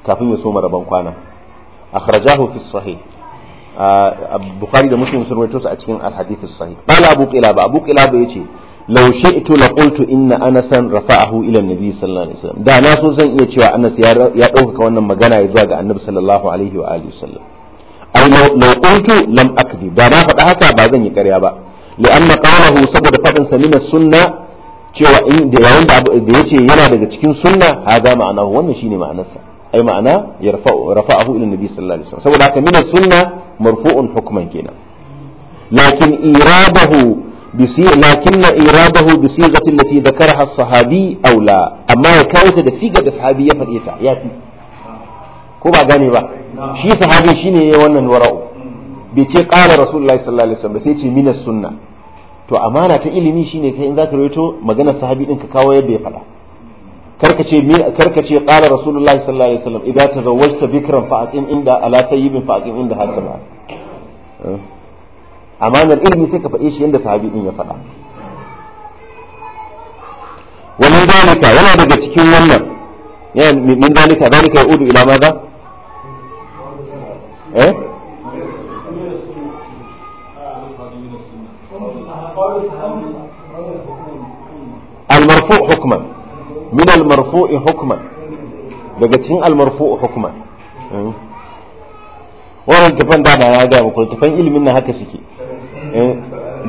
Speaker 1: kafin ya soma rabon kwana kharajahu fi sahih bukhari da muslim sun rawaito su a cikin al-hadith as-sahih qala abu ba abu qilaba yace law shi'tu la qultu inna anasan rafa'ahu ila nabi sallallahu alaihi wasallam da na so zan iya cewa anas ya dauka wannan magana ya zuwa ga annabi sallallahu alaihi wa alihi wasallam ai law qultu lam akdi da na faɗa haka ba zan yi ƙarya ba anna qawluhu saboda fadin sa min sunna cewa in da yayin da yace yana daga cikin sunna hada ma'anahu wannan shine ma'anarsa ai ma'ana ya abu ilin nabi sallallahu alaihi wasallam saboda haka minar sunna marfu'un hukuman kenan lakin irabahu بصي... لكن إرابه بصيغة التي ذكرها aula amma ya kawo ta da siga da sahabi ya faɗe ta ya fi ko ba gane ba
Speaker 2: shi sahabi
Speaker 1: shine yayin wannan wara'u bai ce ƙara rasulullahi sallallahu alaihi wasallam sai ce minas sunna to amana ta ilimi shine kai in zaka rawaito magana sahabi din ka kawo yadda ya faɗa karkace me karkace qala rasulullahi sallallahu alaihi wasallam idza tazawwajta bikran fa aqim inda ala tayyibin fa aqim inda hasana amanar ilmi sai ka faɗe shi yadda sahabi din ya faɗa wa min dalika yana daga cikin wannan yana min dalika dalika yaudu ila madha eh المرفوع حكما min al-marfu'i hukman daga cikin al-marfu'u hukman eh. wannan tafan da na ga muku tafan ilimin nan haka suke eh.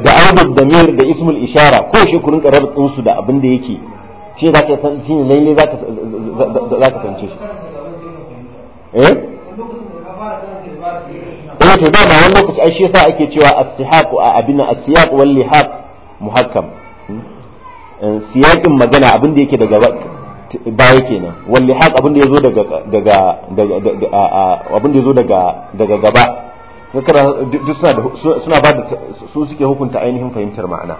Speaker 1: da da damir da ismul ishara ko shi ku rinka rabin da abin da yake shi za ka san shi ne lalle za ka za shi
Speaker 2: eh
Speaker 1: eh to da wani lokaci ai shi yasa ake cewa as-sihaq a abin as-siyaq wal lihaq muhakkam Eh, siyakin magana abin da yake daga baya kenan walli haq abin da yazo daga daga abin da yazo daga daga gaba duk suna da suna ba da su suke hukunta ainihin fahimtar ma'ana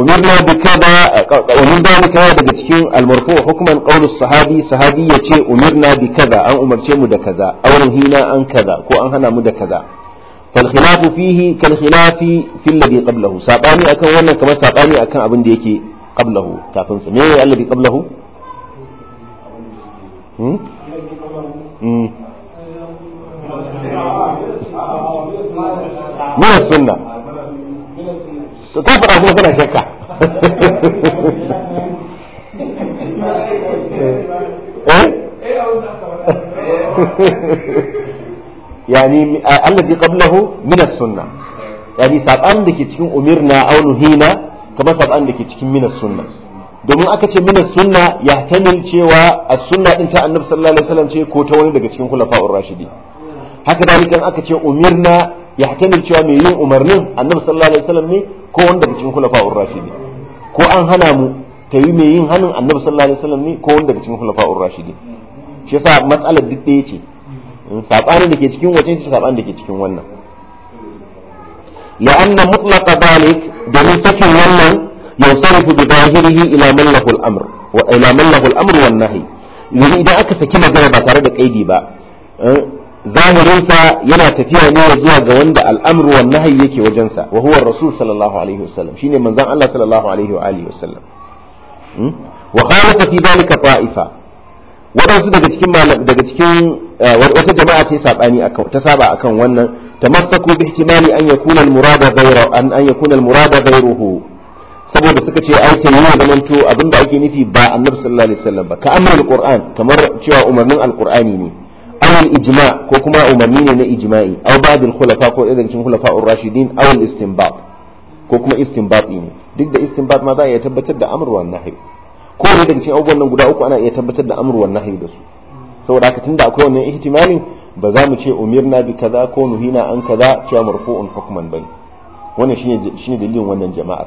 Speaker 1: umirna bi kaza da bi kaza daga cikin almarfu hukman qawl sahabi sahabi yace umirna bi kada an umarce mu da kaza auren hina an kaza ko an hana mu da kaza فالخلاف فيه كالخلاف في الذي قبله ساباني أكن وانا كما ساباني أكن أبن ديكي قبله كافن سميه الذي قبله هم؟ هم؟ من السنة تفرع كما كنا شكا
Speaker 2: ايه ايه
Speaker 1: yani allazi qablahu min as-sunnah yani saban da ke cikin umirna aw nuhina kamar saban da ke cikin min as-sunnah domin aka ce min as-sunnah tanin cewa as-sunnah din ta annabi sallallahu alaihi wasallam ce ko ta wani daga cikin khulafa'ur rashidi haka kan aka ce umirna tanin cewa mai yin umarnin annabi sallallahu alaihi wasallam ne ko wani daga cikin khulafa'ur rashidi ko an hana mu ta yi mai yin hannun annabi sallallahu alaihi wasallam ne ko wani daga cikin khulafa'ur rashidi shi yasa matsalar duk ɗaya ce sabanin da ke cikin wajen shi sabanin da ke cikin wannan la'anna mutlaqa dalik domin sakin wannan yansarifu bi zahirihi ila man lahu al-amr wa ila man lahu al-amr wan nahy idan aka saki magana ba tare da kaidi ba eh, zahirinsa yana tafiya ne zuwa ga wanda al'amru wan nahyi yake wajensa wa huwa rasul sallallahu alaihi wasallam shine manzon Allah sallallahu alaihi wa alihi wasallam hmm? wa khalafa fi dhalika ta'ifa waɗansu daga cikin daga cikin eh, wata jama'a ta sabani akan ta saba akan wannan tamassaku bi ihtimali an yakuna al-murada ghayra an an yakuna al-murada ghayruhu saboda suka ce ai ta da manto abinda ake nufi ba annabi sallallahu alaihi wasallam ba ka al qur'an kamar cewa umarnin al qur'ani ne aw ijma ko kuma umarni ne na ijma'i aw ba'd al-khulafa ko daga cikin khulafa ar-rashidin aw al-istinbat ko kuma istinbat ne duk da istinbat ma za a iya tabbatar da amr wa nahy ko da daga cikin abubuwan nan guda uku ana iya tabbatar da amurwar na nahyi da su saboda haka tunda akwai wannan ihtimalin ba za mu ce umirna bi kaza ko nuhina an kaza cewa marfu'un hukman bane wannan shine shine dalilin wannan jama'ar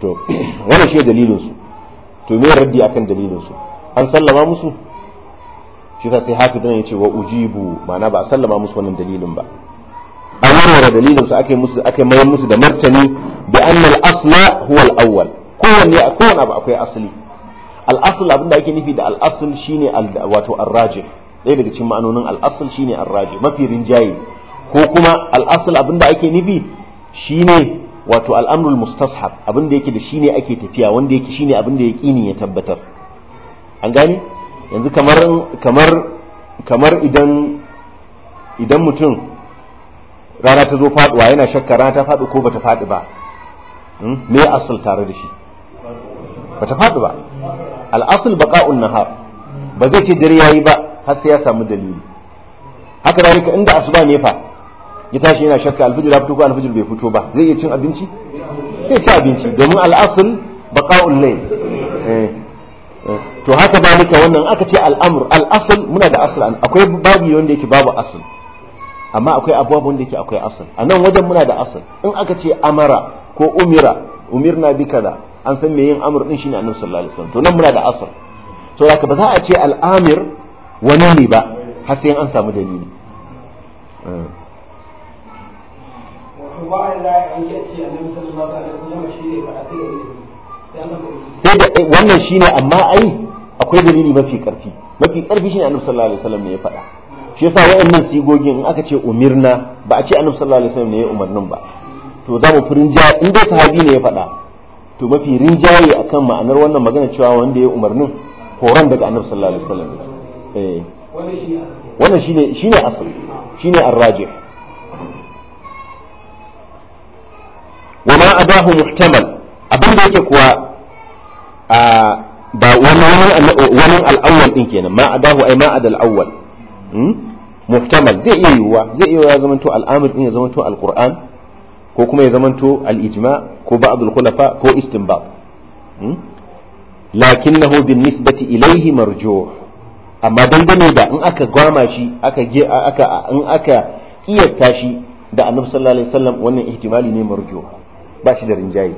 Speaker 1: to wannan shine dalilin su to me raddi akan dalilin su an sallama musu shi sai hafi dan yace wa ujibu ma'ana ba a sallama musu wannan dalilin ba an wara dalilin su ake musu ake musu da martani bi anna al-asla huwa al-awwal kowanne a kowanne abu akwai asali al'asul abinda ake nufi da al'asul shine wato arraji ɗaya daga cikin ma'anonin al'asul shine arraji mafi rinjaye ko kuma al'asul abinda ake nufi shine wato al'amrul mustashab abinda yake da shine ake tafiya wanda yake shine abinda ya kini ya tabbatar an gane yanzu kamar kamar kamar idan idan mutum rana ta zo faduwa yana shakka rana ta faɗi ko bata faɗi ba hmm? me asal tare da shi ba ta faɗi ba al'asul baqa'un nahar ba zai ce dare yayi ba har sai ya samu dalili haka ka inda asuba ne fa ya tashi yana shakka alfijir ya fito ko alfijir bai fito ba zai iya cin abinci zai ci abinci domin al'asul baƙa'un layl eh, eh. to haka ba zalika wannan aka ce al'amur al'asul muna da asul akwai babu wanda yake babu asul amma akwai abubuwan da yake akwai asal a nan wajen muna da asal in aka ce amara ko umira umirna bi kaza an san me yin amur din shine annabi sallallahu alaihi wasallam to nan muna da asar to zaka ba za a ce al'amir wani ne ba har sai an samu dalili sai da eh, wannan shine amma ai akwai dalili mafi karfi mafi karfi shine annabi sallallahu alaihi wasallam ne ya faɗa shi yasa waɗannan sigogin in aka ce umirna ba a ce annabi sallallahu alaihi wasallam ne ya umarnin ba to za mu furin ja in dai sahabi ne ya faɗa to mafi rinjaye akan ma'anar wannan magana cewa wanda ya umarnin horon daga annabi sallallahu alaihi eh wannan shine shine asali shine wa ma adahu muhtamal abinda yake kuwa a ba wannan al'awwal din kenan ma adahu ai ma adal awwal hmm? muhtamal zai iya yiwuwa zai iya ya zamanto al'amir din ya zamanto alquran ko kuma ya zamanto al'ijima. ko ba'dul khulafa ko istinbat hmm? lakinnahu bin nisbati Ilaihi marju. amma dangane da in aka gwama shi aka in aka kiyasta shi da annabi sallallahu alaihi wasallam wannan ihtimali ne marjuh ba shi da rinjaye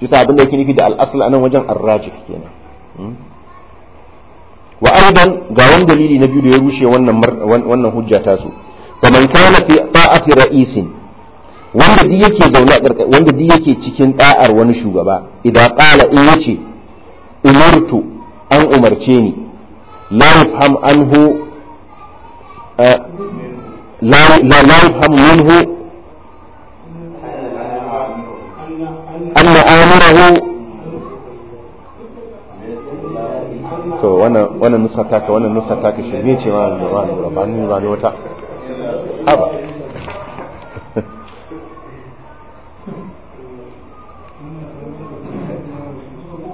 Speaker 1: kisa abin da yake nufi da al-asl anan wajen ar-rajih kenan hmm? wa ga wani dalili na biyu da ya rushe wannan hujja ta su faman kana fi ra'isin wanda duk yake zaune a wanda duk yake cikin da'ar wani shugaba idan ƙala in yace umartu an umarce ni la yafham anhu eh, la la yafham minhu anna amirahu to wannan wannan nusa taka wannan nusa taka shirme ce ma wannan wani rabani ba ne wata haba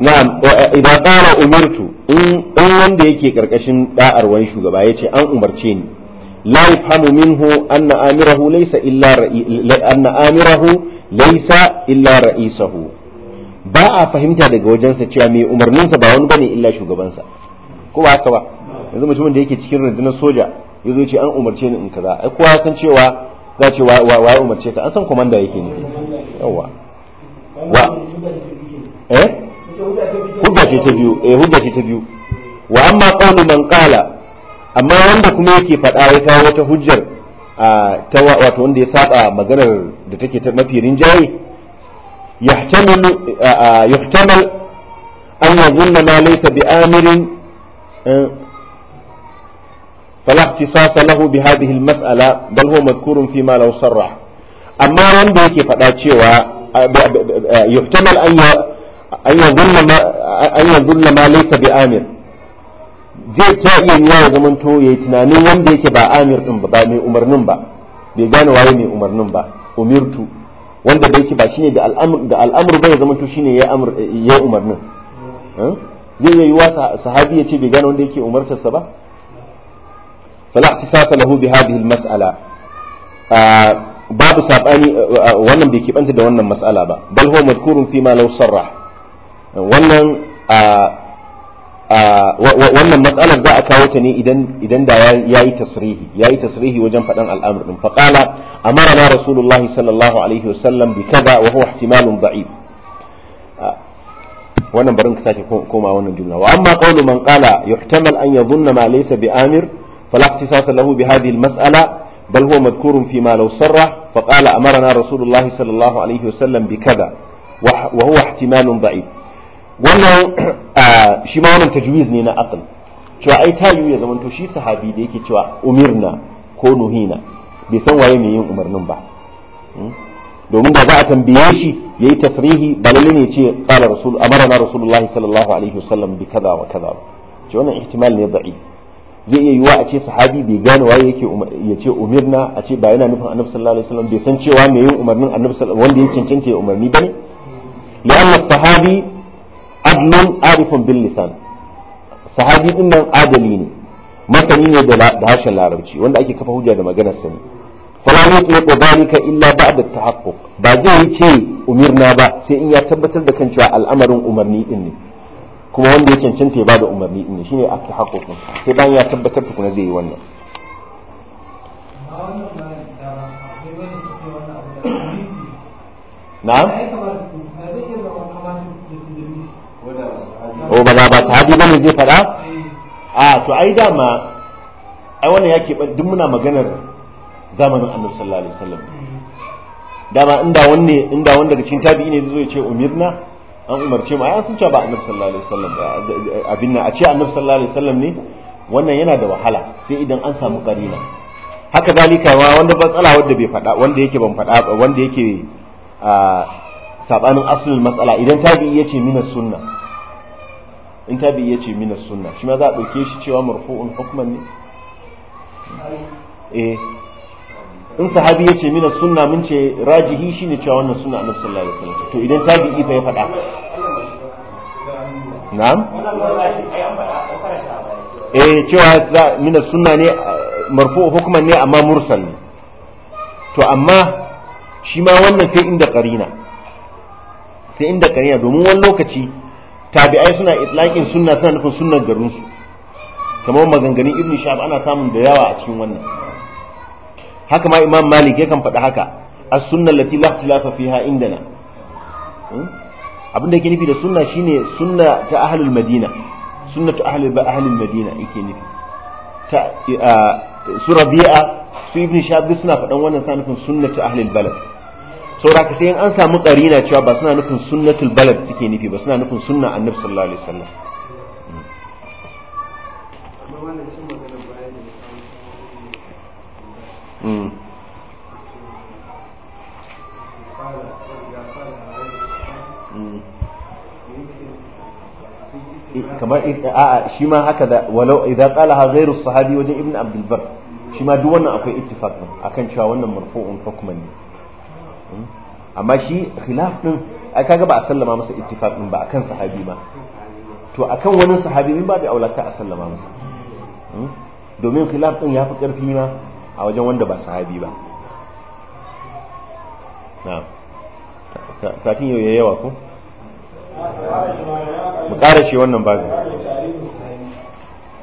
Speaker 1: na'am eh, idan qala umirtu in wanda yake karkashin da'ar wani shugaba yace an umarce ni la yafhamu minhu anna amirahu laysa illa anna amirahu laysa illa ra'isahu ba a fahimta daga wajensa cewa mai umarninsa ba wani bane illa shugabansa ko ba haka ba yanzu mutumin da yake cikin rundunar soja yazo yace an umarce ni in kaza ai kowa san cewa za ce wa ya umarce ka an san komanda yake ne yawa wa eh ce ta biyu eh hujja ce ta biyu wa amma qawlu man qala amma wanda kuma yake faɗa ya kawo wata hujjar ta wato wanda ya saba maganar da take ta mafi rinjaye yahtamilu yahtamal an yadhunna ma laysa bi amirin فلا اختصاص له بهذه المسألة بل هو مذكور فيما لو صرح أما وندي كيف أتاتي يحتمل أن an yanzu ma laisa bi amir zai ta iya yiwa ya zama to ya yi tunanin wanda yake ba amir din ba mai umarnin ba bai gane waye mai umarnin ba umirtu wanda bai ki ba shine da al'amur ba ya zama to shine ya yi umarnin zai yi wa sahabi ya ce bai gane wanda yake umartarsa ba fala ihtisasa lahu bi hadhihi al-mas'ala babu sabani wannan bai kibanta da wannan mas'ala ba bal huwa madhkurun fi ma law sarrah wannan wannan matsalar za a kawo ta ne idan da ya yi tasrihi ya yi tasrihi wajen faɗan al'amur ɗin faƙala amara na rasulullahi sallallahu alaihi wasallam bi kaza wa huwa ihtimalun da'if wannan barin ka sake koma wannan jumla wa amma qawlu man qala yuhtamal an yadhunna ma laysa bi amir fala ihtisasa lahu bi hadhihi al-mas'ala بل هو مذكور فيما لو صرح فقال أمرنا رسول الله صلى الله عليه وسلم بكذا وهو احتمال ضعيف wannan shi ma wannan tajwiz ne na aql cewa ai ta yiwu ya to shi sahabi da yake cewa umirna ko nuhina bai san waye mai yin umarnin ba hmm? domin da za a tambaye shi yayi tasrihi ba ne ce qala rasul amarna rasulullahi sallallahu alaihi wasallam bi kaza wa kaza ce wannan ihtimal ne da'i zai iya yiwa a ce sahabi bai gane waye yake ya ce umirna a ce ba yana nufin annabi sallallahu alaihi wasallam bai san cewa mai yin umarnin annabi wanda ya cancanta ya umarni bane li'anna sahabi adlun arifan bil lisan sahabi din nan adali ne masani ne da harshen larabci wanda ake kafa hujja da maganar sani fala yutu dhalika illa ba'da tahaqquq ba zai ce umirna ba sai in ya tabbatar da kan cewa al'amarin umarni din ne kuma wanda ya cancanta ya bada umarni din ne shine at sai bayan ya tabbatar tukuna zai yi wannan na'am
Speaker 2: o ba ba ba ne zai fada
Speaker 1: a to ai dama ai wannan ya keɓe duk muna maganar zamanin annabi sallallahu alaihi wasallam dama inda wanne inda wanda daga cikin tabi'i ne zai ce umirna an umarce mu ai an sun ba annabi sallallahu alaihi wasallam abin nan a ce annabi sallallahu alaihi wasallam ne wannan yana da wahala sai idan an samu karina haka zalika ma wanda matsala wanda bai faɗa wanda yake ban faɗa wanda yake sabanin asulul matsala idan tabi'i yace mina sunna in tabi ya ce mina sunna shi ma za a ɗauke shi cewa marfu'un hukman ne eh in sahabi ya ce minas sunna mun ce rajihi shine cewa wannan sunna annabi sallallahu alaihi wasallam to idan yi fa ya faɗa
Speaker 2: na'am eh
Speaker 1: cewa mina sunna ne marfu hukman ne amma mursal ne to amma shi ma wannan sai inda karina sai inda karina domin wani lokaci tabi'ai suna itlaqin sunna suna nufin sunnar garinsu. kamar maganganun Ibn shahab ana samun da yawa a cikin wannan haka ma imam malik yakan faɗi haka as-sunna allati la ikhtilafa fiha indana hmm? abin da yake nufi da sunna shine sunna ta ahlul madina sunna ta ahlul ahlul madina yake nufi ta su rabi'a su Ibn shahab suna faɗan wannan sanufin sunna ta ahlul balad saura ka sai an samu karina cewa ba suna nufin sunnatul balad suke nufi ba suna nufin sunna annabi sallallahu alaihi wasallam kamar a'a shi ma haka da walau idan kala qalaha ghairu sahabi wajen ibn abdul shi ma duk wannan akwai ittifaq akan cewa wannan marfu'un hukman ne Hmm? amma shi khilaf din ai kaga ba a sallama masa ittifaq din ba akan sahabi ba to akan wani sahabi min ba bai aulata a sallama masa hmm? domin khilaf din ya fi karfi ma a wajen wanda ba sahabi ba na'am yau yayi yawa ko
Speaker 2: mu ƙara shi wannan ba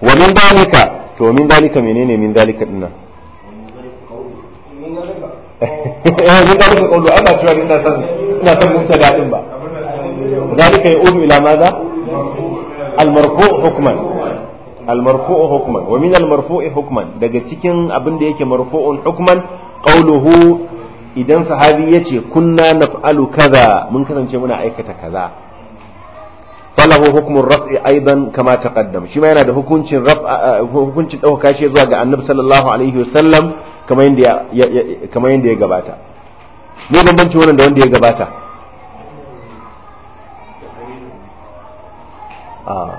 Speaker 1: wa min dalika to min dalika menene min dalika dinnan eh mun ga nufin qawlu ana cewa ina san ina san mun tada din ba ذلك يؤول إلى ماذا؟ المرفوع حكما المرفوع حكما ومن المرفوع حكما daga cikin abin da yake marfu'un hukman qawluhu idan sahabi yace kunna naf'alu kaza mun kasance muna aikata kaza falahu hukmun raf'i aidan kama taqaddam shi ma yana da hukuncin raf'a hukuncin dauka shi zuwa ga annabi sallallahu alaihi wasallam kamar yadda ya gabata ne bambanci wannan da wanda ya gabata ah,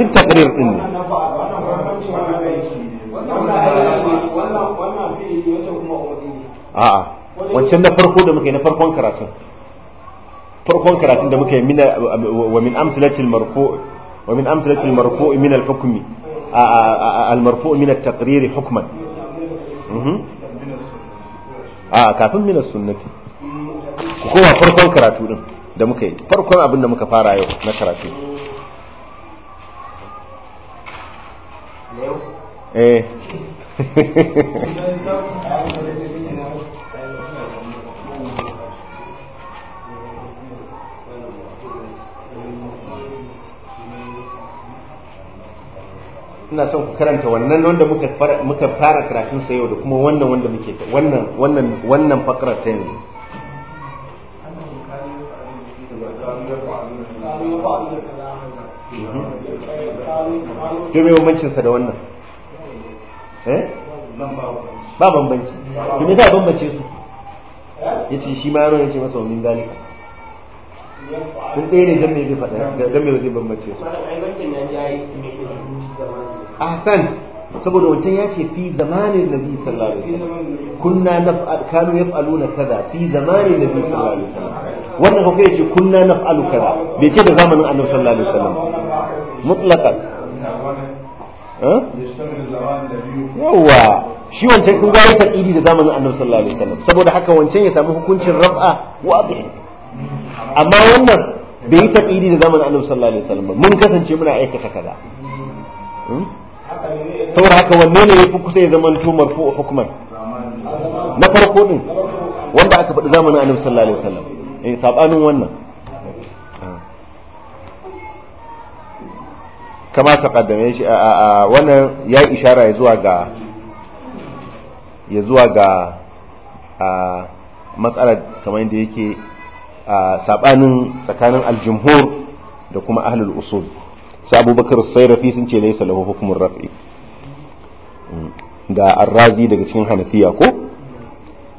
Speaker 1: duk takarir din ne a'a wancan na farko da muka yi na farkon karatun farkon karatun da muka yi wa min amsalatil marfu wa min amsalatil marfu min al-hukmi al-marfu min at hukman Mhm. a kafin minas sunnati
Speaker 2: ku koma farkon
Speaker 1: karatu din da muka yi farkon abin da muka fara yau na karatu eh ina son ku karanta wannan wanda muka muka fara karatun sa yau da kuma wannan wanda muke wannan wannan wannan fakrar ta yanzu Yau mai bambancin sa da wannan? Eh?
Speaker 2: Ba bambanci. Yau za a bambance
Speaker 1: su? Ya ce shi ma yaro ya ce masa wani dalika.
Speaker 2: zalika. Sun ɗaya ne don me zai faɗa, don me zai bambance su.
Speaker 1: ahsan saboda wancan ya ce fi zamanin nabi sallallahu alaihi wasallam kunna naf'al kanu na kaza fi zamanin nabi sallallahu alaihi wasallam wannan ko kai ce kunna naf'alu kaza bai ce da zamanin annabi sallallahu alaihi wasallam mutlaqan yawa shi wancan kun gawo taqidi da zamanin annabi sallallahu alaihi wasallam saboda haka wancan ya samu hukuncin rab'a wa amma wannan bai yi taqidi da zamanin annabi sallallahu alaihi wasallam mun kasance muna aikata kaza hmm? saboda haka wanne ne ya fi kusa ya zama to marfu hukumar na farko din wanda aka faɗi zamanin annabi sallallahu alaihi wasallam eh sabanin wannan kama kaddame shi a wannan ya ishara ya zuwa ga ya zuwa ga a matsalar kamar yadda yake a sabanin tsakanin aljumhur da kuma ahlul usul su abubakar sairafi sun ce laisa lahu hukumun rafi da arrazi daga cikin hanafiya ko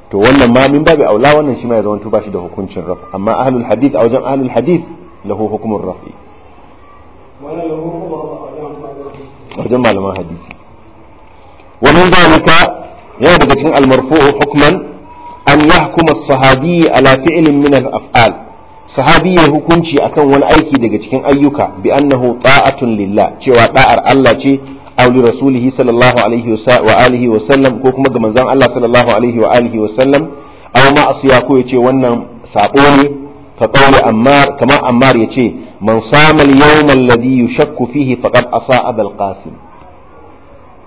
Speaker 1: to wannan ma min babu aula wannan shi ma ya zama to bashi da hukuncin raf amma ahlul hadith a wajen ahlul hadith lahu hukumun rafi wajen malaman hadisi wa zalika yana daga cikin almarfu hukman an yahkuma as-sahabi ala fi'lin min al-af'al sahabi ya hukunci akan wani aiki daga cikin ayyuka bi annahu ta'atun lillah cewa da'ar Allah ce aw li rasulihi sallallahu alaihi wa alihi wa sallam ko kuma ga manzon Allah sallallahu alaihi wa alihi wa sallam aw ma asiya ko yace wannan sako ne ka qawli ammar kamar ammar yace man sama al-yawma alladhi yushakku fihi faqad asaa abul qasim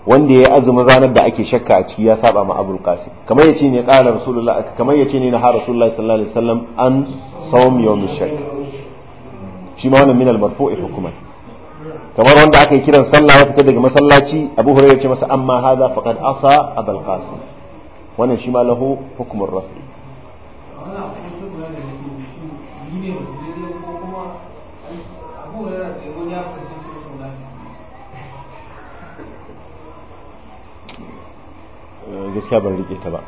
Speaker 1: wanda ya azumi ranar da ake shakka a ciki ya saba ma abul qasim kamar yace ne qala rasulullah kamar yace ne na rasulullahi sallallahu alaihi wasallam an sawm yawm shak shi ma wannan min al marfu'i hukuman kamar wanda aka yi kiran sallah ya fita daga masallaci abu hurairah ya ce masa amma hadha faqad asa abul qasim wannan shi ma lahu hukumur
Speaker 2: rafi
Speaker 1: gaskiya ban rike ta ba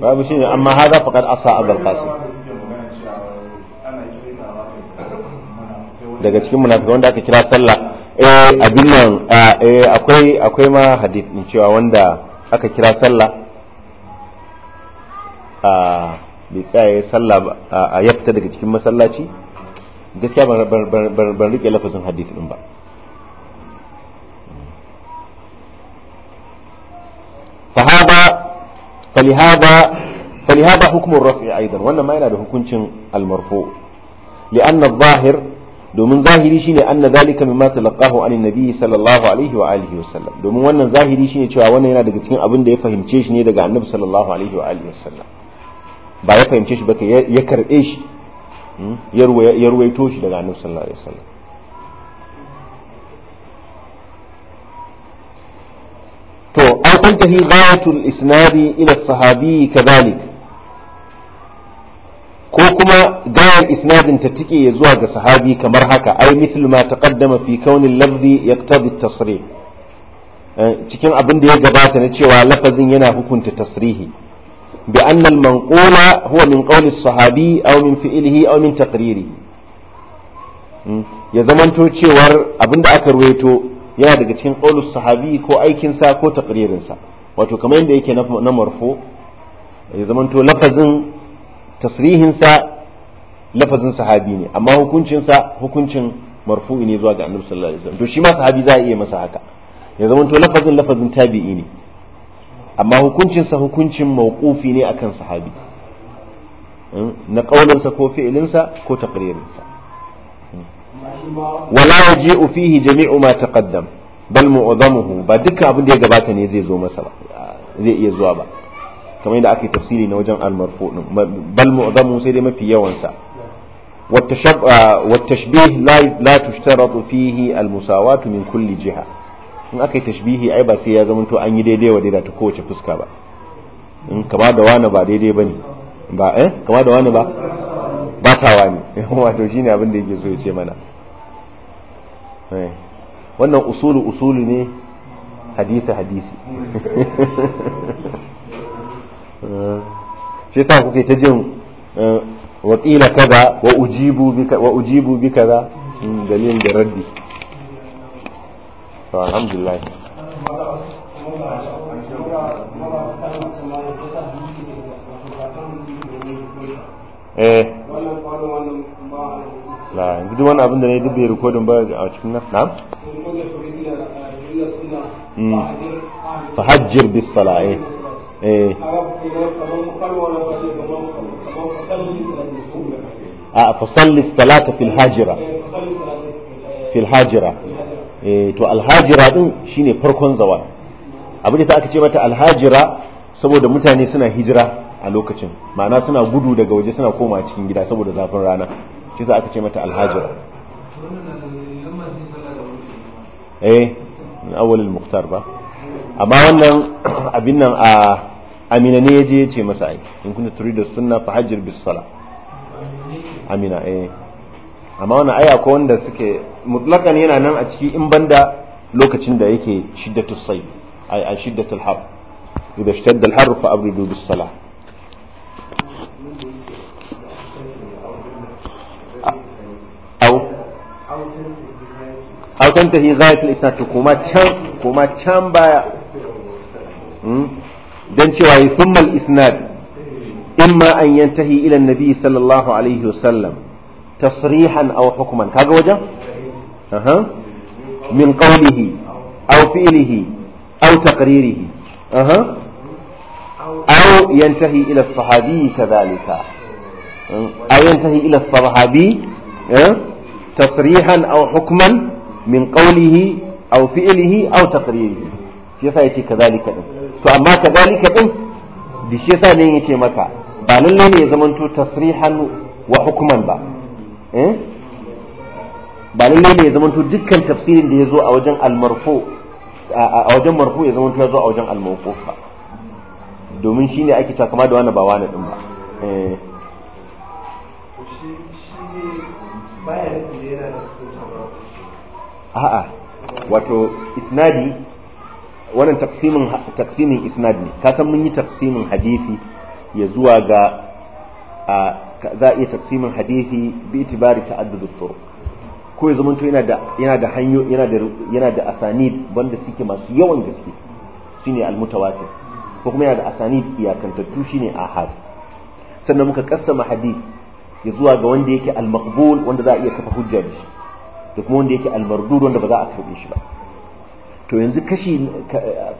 Speaker 1: babu shi ne amma haza faƙar asa abal qasim daga cikin munafikai wanda aka kira sallah eh abin nan eh, eh akwai akwai ma hadith din cewa wanda aka kira sallah a bi tsaye sallah ba a ya daga cikin masallaci gaskiya ban rike lafazin hadith din ba فهذا فلهذا فلهذا حكم الرفع أيضا وأن ما ينادى حكم المرفوع لأن الظاهر domin zahiri shine anna zalika mimma talaqahu anin nabi sallallahu alaihi wa alihi wasallam domin wannan zahiri shine cewa wannan yana daga cikin abin da ya fahimce shi ne daga annabi sallallahu alaihi wa alihi wasallam ba ya fahimce shi ba ya karbe shi ya ruwaito shi daga annabi sallallahu alaihi wa sallam. وتنتهي غاية الإسناد إلى الصحابي كذلك كوكما غاية الإسناد تتكي يزوى صحابي كمرهكا أي مثل ما تقدم في كون اللفظ يقتضي التصريح cikin abin da ya gabata na cewa lafazin yana hukunta tasrihi bi annal manqula huwa min qawli sahabi aw min fi'lihi aw min taqririhi ya zamanto cewar abin da aka ruwaito yana daga cikin qaulus sahabi ko aikin sa ko taqririn sa wato kamar yadda yake na marfo ya zamanto lafazin tasrihin sa lafazin sahabi ne amma hukuncin sa hukuncin marfu ne zuwa ga annabi sallallahu alaihi wasallam to shi ma sahabi za a iya masa haka ya zamanto lafazin lafazin tabi'i ne amma hukuncin sa hukuncin mawqufi ne akan sahabi hmm? na kaulinsa ko fi'ilinsa ko taqririnsa wala يجيء فيه jami'u ma تقدم bal معظمه ba ابن abin da ya gabata ne zai zo masa ba zai iya zuwa ba kamar yadda aka tafsiri na wajen almarfu din yawan sa والتشبيه لا لا تشترط فيه المساواة من كل جهة in aka yi tashbihi ai ba sai ya to an yi daidai wa daidai ta kowace fuska ba in kama da wani ba daidai ba ne ba eh kama da wani ba ba ta wani wato shine abin da yake so ya ce mana wannan usulu usulu ne hadisi hadisi shi yasa kuke ta jin wakila kaza wa ujibu bika wa ujibu bika da dalil da raddi to alhamdulillah eh na yanzu duk wani abin da na yi duk bai rikodin ba a cikin nan
Speaker 2: na hmm. fahajjir
Speaker 1: bis sala'i eh. eh a fasalli salata fil hajira fil hajira eh to alhajira din shine farkon zawal abin da aka ce mata alhajira saboda mutane suna hijira a lokacin ma'ana suna gudu daga waje suna koma cikin gida saboda zafin rana shi za aka ce mata alhajira eh na awwalil muktar ba amma wannan abin nan a amina ne yaje ce masa ai in kunta turidu sunna fa hajjir bis sala amina eh amma wannan aya ko wanda suke mutlaqan yana nan a ciki in banda lokacin da yake shiddatus sayy ai shiddatul har idan shaddal al har fa abridu bis sala aw tan tahi zayatul isnad can can baya hmm? dan cewa yi thumma isnad imma an yantahi ila nabi sallallahu alaihi wasallam tasrihan aw hukman kaga wajen aha min qawlihi aw fi'lihi aw taqririhi aha aw yantahi ila sahabi kadhalika hmm? aw yantahi ila sahabi eh? tasrihan aw hukman min qawlihi aw fi'lihi aw taqririhi shi yasa yace kazalika din to amma kazalika din da shi yasa ne yace maka ba lalle ne ya zamanto tasrihan wa hukuman ba eh ba lalle ne ya zamanto dukkan tafsirin da ya zo a wajen almarfu a wajen marfu ya zamanto ya zo a wajen almawquf ba domin shine ake takama da wani ba wani din ba eh a'a wato isnadi wannan taksimin taksimin isnadi ne ka san mun yi taksimin hadisi ya zuwa ga za a iya taksimin hadisi bi itibari ta'addud turuq ko ya zamanto yana da yana da hanyo yana da yana da asanid wanda suke masu yawan gaske shine almutawatir ko kuma yana da asanid iyakantattu shine ahad sannan muka kassama hadisi ya zuwa ga wanda yake almaqbul wanda za a iya kafa hujja da shi da kuma wanda yake almardud wanda ba za a karbe shi ba to yanzu kashi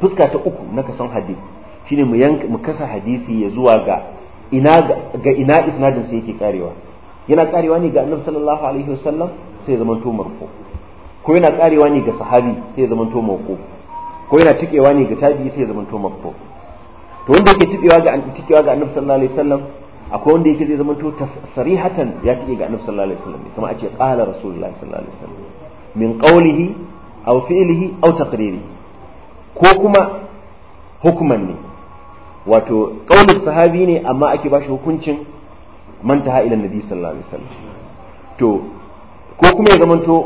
Speaker 1: fuska ta uku na kasan hadisi shine mu yanka mu kasa hadisi ya zuwa ga ina ga ina isnadin sa yake karewa yana karewa ne ga annabi sallallahu alaihi wasallam sai zaman to marfu ko yana karewa ne ga sahabi sai zaman to mako ko yana tikewa ne ga tabi'i sai zaman to marfu to wanda yake tikewa ga tikewa ga annabi sallallahu alaihi wasallam akwai wanda yake zai zamanto sarihatan ya tike ga annabi sallallahu alaihi wasallam kuma a ce qala rasulullahi sallallahu alaihi wasallam min qawlihi aw fi'lihi aw taqririhi ko kuma hukuman ne wato qaulin sahabi ne amma ake bashi hukuncin man taha ila nabi sallallahu alaihi wasallam to ko kuma ya zamanto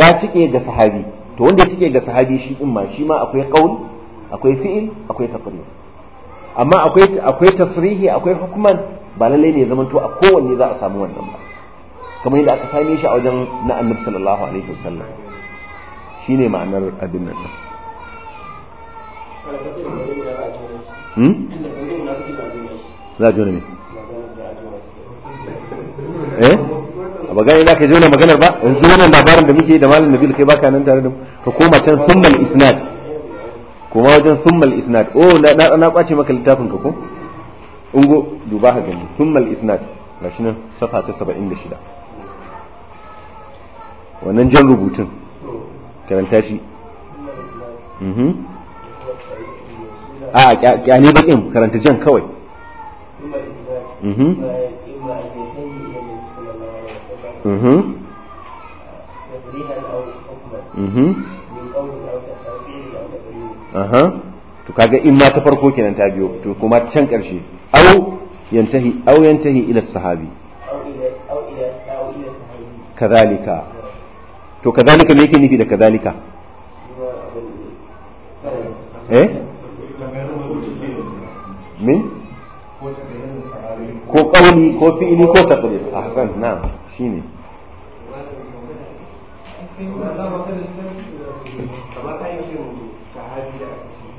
Speaker 1: ya tike ga sahabi to wanda ya tike ga sahabi shi din ma shi ma akwai qaul akwai fi'il akwai taqrir amma akwai akwai tasrihi akwai hukuman ba lallai ne zaman to a kowanne za a samu wannan ba kamar yadda aka same shi a wajen na annabi sallallahu alaihi wasallam shine ma'anar abin nan hmm za jona me eh ba gani za ka jona maganar ba yanzu wannan labarin da muke da malam nabil kai baka nan tare da ka koma can sunnal isnad kuma wajen summal isnad oh na na kwace maka littafin ka ko ungo duba ka gani summal isnad gashi nan safa ta 76 wannan jan rubutun karanta shi mhm a kyale bakin karanta jan kawai
Speaker 2: mhm mhm mhm
Speaker 1: to kaga in ma ta farko kenan ta biyo to kuma can karshe au yantahi au yantahi ila sahabi
Speaker 2: kazalika
Speaker 1: to kazalika me yake nufi da kazalika eh me ko kauli ko fili, ko taqdir ahsan na'am shine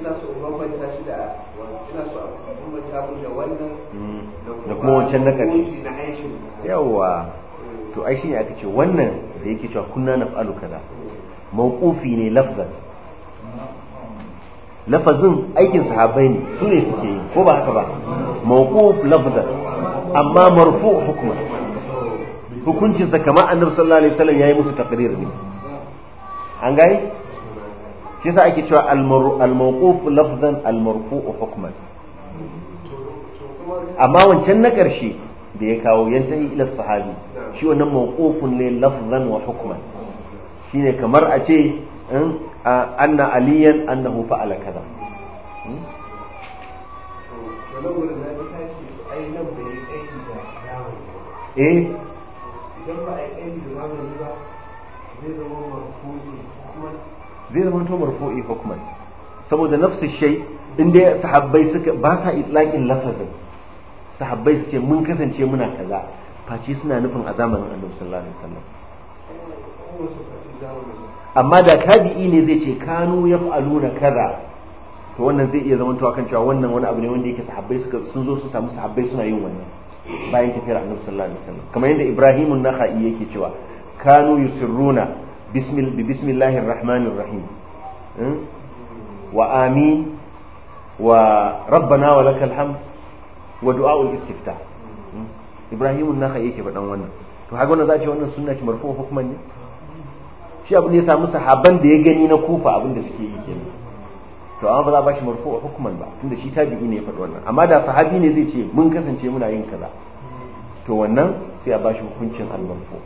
Speaker 2: ina so bambanta shi da ina so bambanta da wannan da mm. kuma wancan na ƙarshe
Speaker 1: Yawwa, yawa to ai shine aka ce wannan da yake cewa kunna na naf'alu kaza mawqufi ne lafzan lafazin aikin sahabbai ne su ne suke yi ko ba haka ba mawquf lafzan amma marfu hukuma hukuncinsa kamar annabi sallallahu alaihi wasallam yayi musu taqrir ne an gai shi yasa ake cewa al-mawquf lafzan al-marfu'u hukman
Speaker 2: amma wancan
Speaker 1: na ƙarshe da ya kawo yantahi ila sahabi shi wannan mawqufun ne lafzan wa hukman shine kamar a ce anna aliyan annahu fa'ala kaza eh zai zama to marfu'i hukman saboda nafsu shay in dai sahabbai suka ba sa itlaqin lafazin sahabbai su mun kasance muna kaza face suna nufin a zamanin annabi sallallahu alaihi wasallam amma da tabi'i ne zai ce kanu yaf'aluna kaza to wannan zai iya zama to akan cewa wannan wani abu ne wanda yake sahabbai suka sun zo su samu sahabbai suna yin wannan bayan tafiyar annabi sallallahu alaihi wasallam kamar yadda ibrahimun nakhai yake cewa kanu yusirruna بسم الله الرحمن الرحيم wa وربنا ولك الحمد ودعاء الاستفتاح إبراهيم النخعي yake faɗan wannan to haka wannan za a ce wannan sunna ce marfu hukuman ne shi abin da ya samu sahaban da ya gani na kufa abin da suke yi kenan to amma ba za ba bashi marfu hukuman ba tunda shi tabi'i ne ya wannan amma da sahabi ne zai ce mun kasance muna yin kaza to wannan sai a bashi hukuncin al-marfu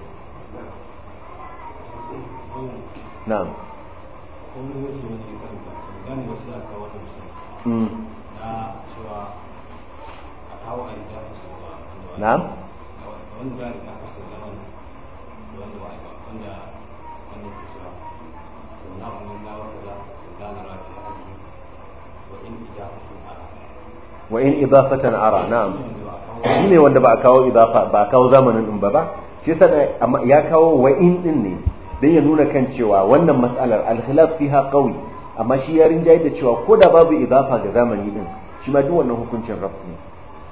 Speaker 1: na'am
Speaker 2: hmm. wani wasu ba
Speaker 1: ba ara in ne wanda kawo zamanin ba ba ya kawo wa'in ɗin ne dan ya nuna kan cewa wannan matsalar alkhilaf fiha qawi amma shi ya rinjaye da cewa ko da babu idafa ga zamani din shi ma duk wannan hukuncin rabb ne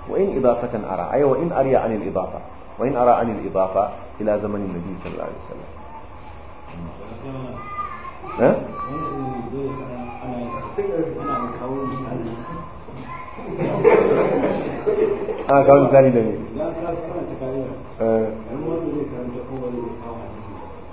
Speaker 1: wa in idafatan ara ay wa in arya anil idafa wa in ara anil idafa ila zamanin nabi sallallahu alaihi wasallam
Speaker 2: eh? ah,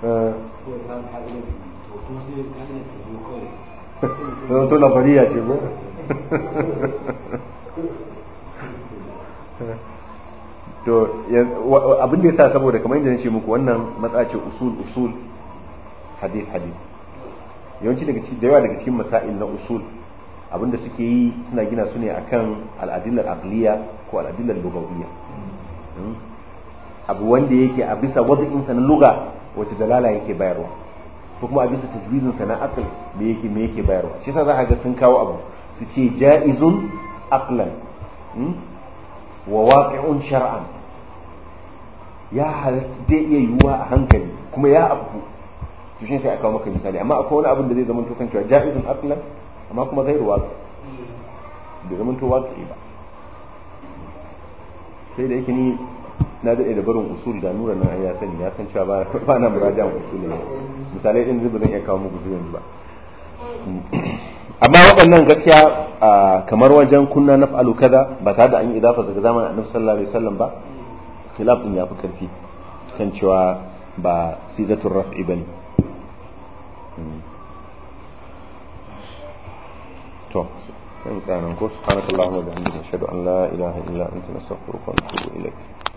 Speaker 2: don ce
Speaker 1: abin da ya sa saboda kamar yadda na ce muku wannan matsa ce usul usul hadith hadith yawanci daga cikin da yawa daga cikin masail na usul abinda suke yi suna gina su ne akan al'adillar aqliya ko al'adillar lugawiyya hmm? abu wanda yake a bisa wadda na luga wace dalala yake bayarwa ko kuma a bisa tajwizin sa na aql me yake me yake bayarwa shi yasa za ka ga sun kawo abu su ce jaizun aqlan hmm? wa waqi'un shar'an ya halatta zai iya yiwuwa a hankali kuma ya abu to shi sai a kawo maka misali amma akwai wani abin da zai zama to kan cewa jaizun aqlan amma kuma zai ruwa bai zama to waqi'i ba sai da yake ni na daɗe da barin usul da nura nan ya sani ya san cewa ba na muraja usul ne misalai ɗin zuba zan iya kawo muku zuwa ba amma waɗannan gaskiya kamar wajen kunna na fa'alu kaza ba tare da an yi idafa daga zamanin annabi sallallahu alaihi wasallam ba khilaf din ya fi karfi kan cewa ba sidatul raf'i bane to sai mu tsaya nan ko subhanakallahumma wa bihamdika ashhadu an la ilaha illa anta nastaghfiruka wa natubu ilayk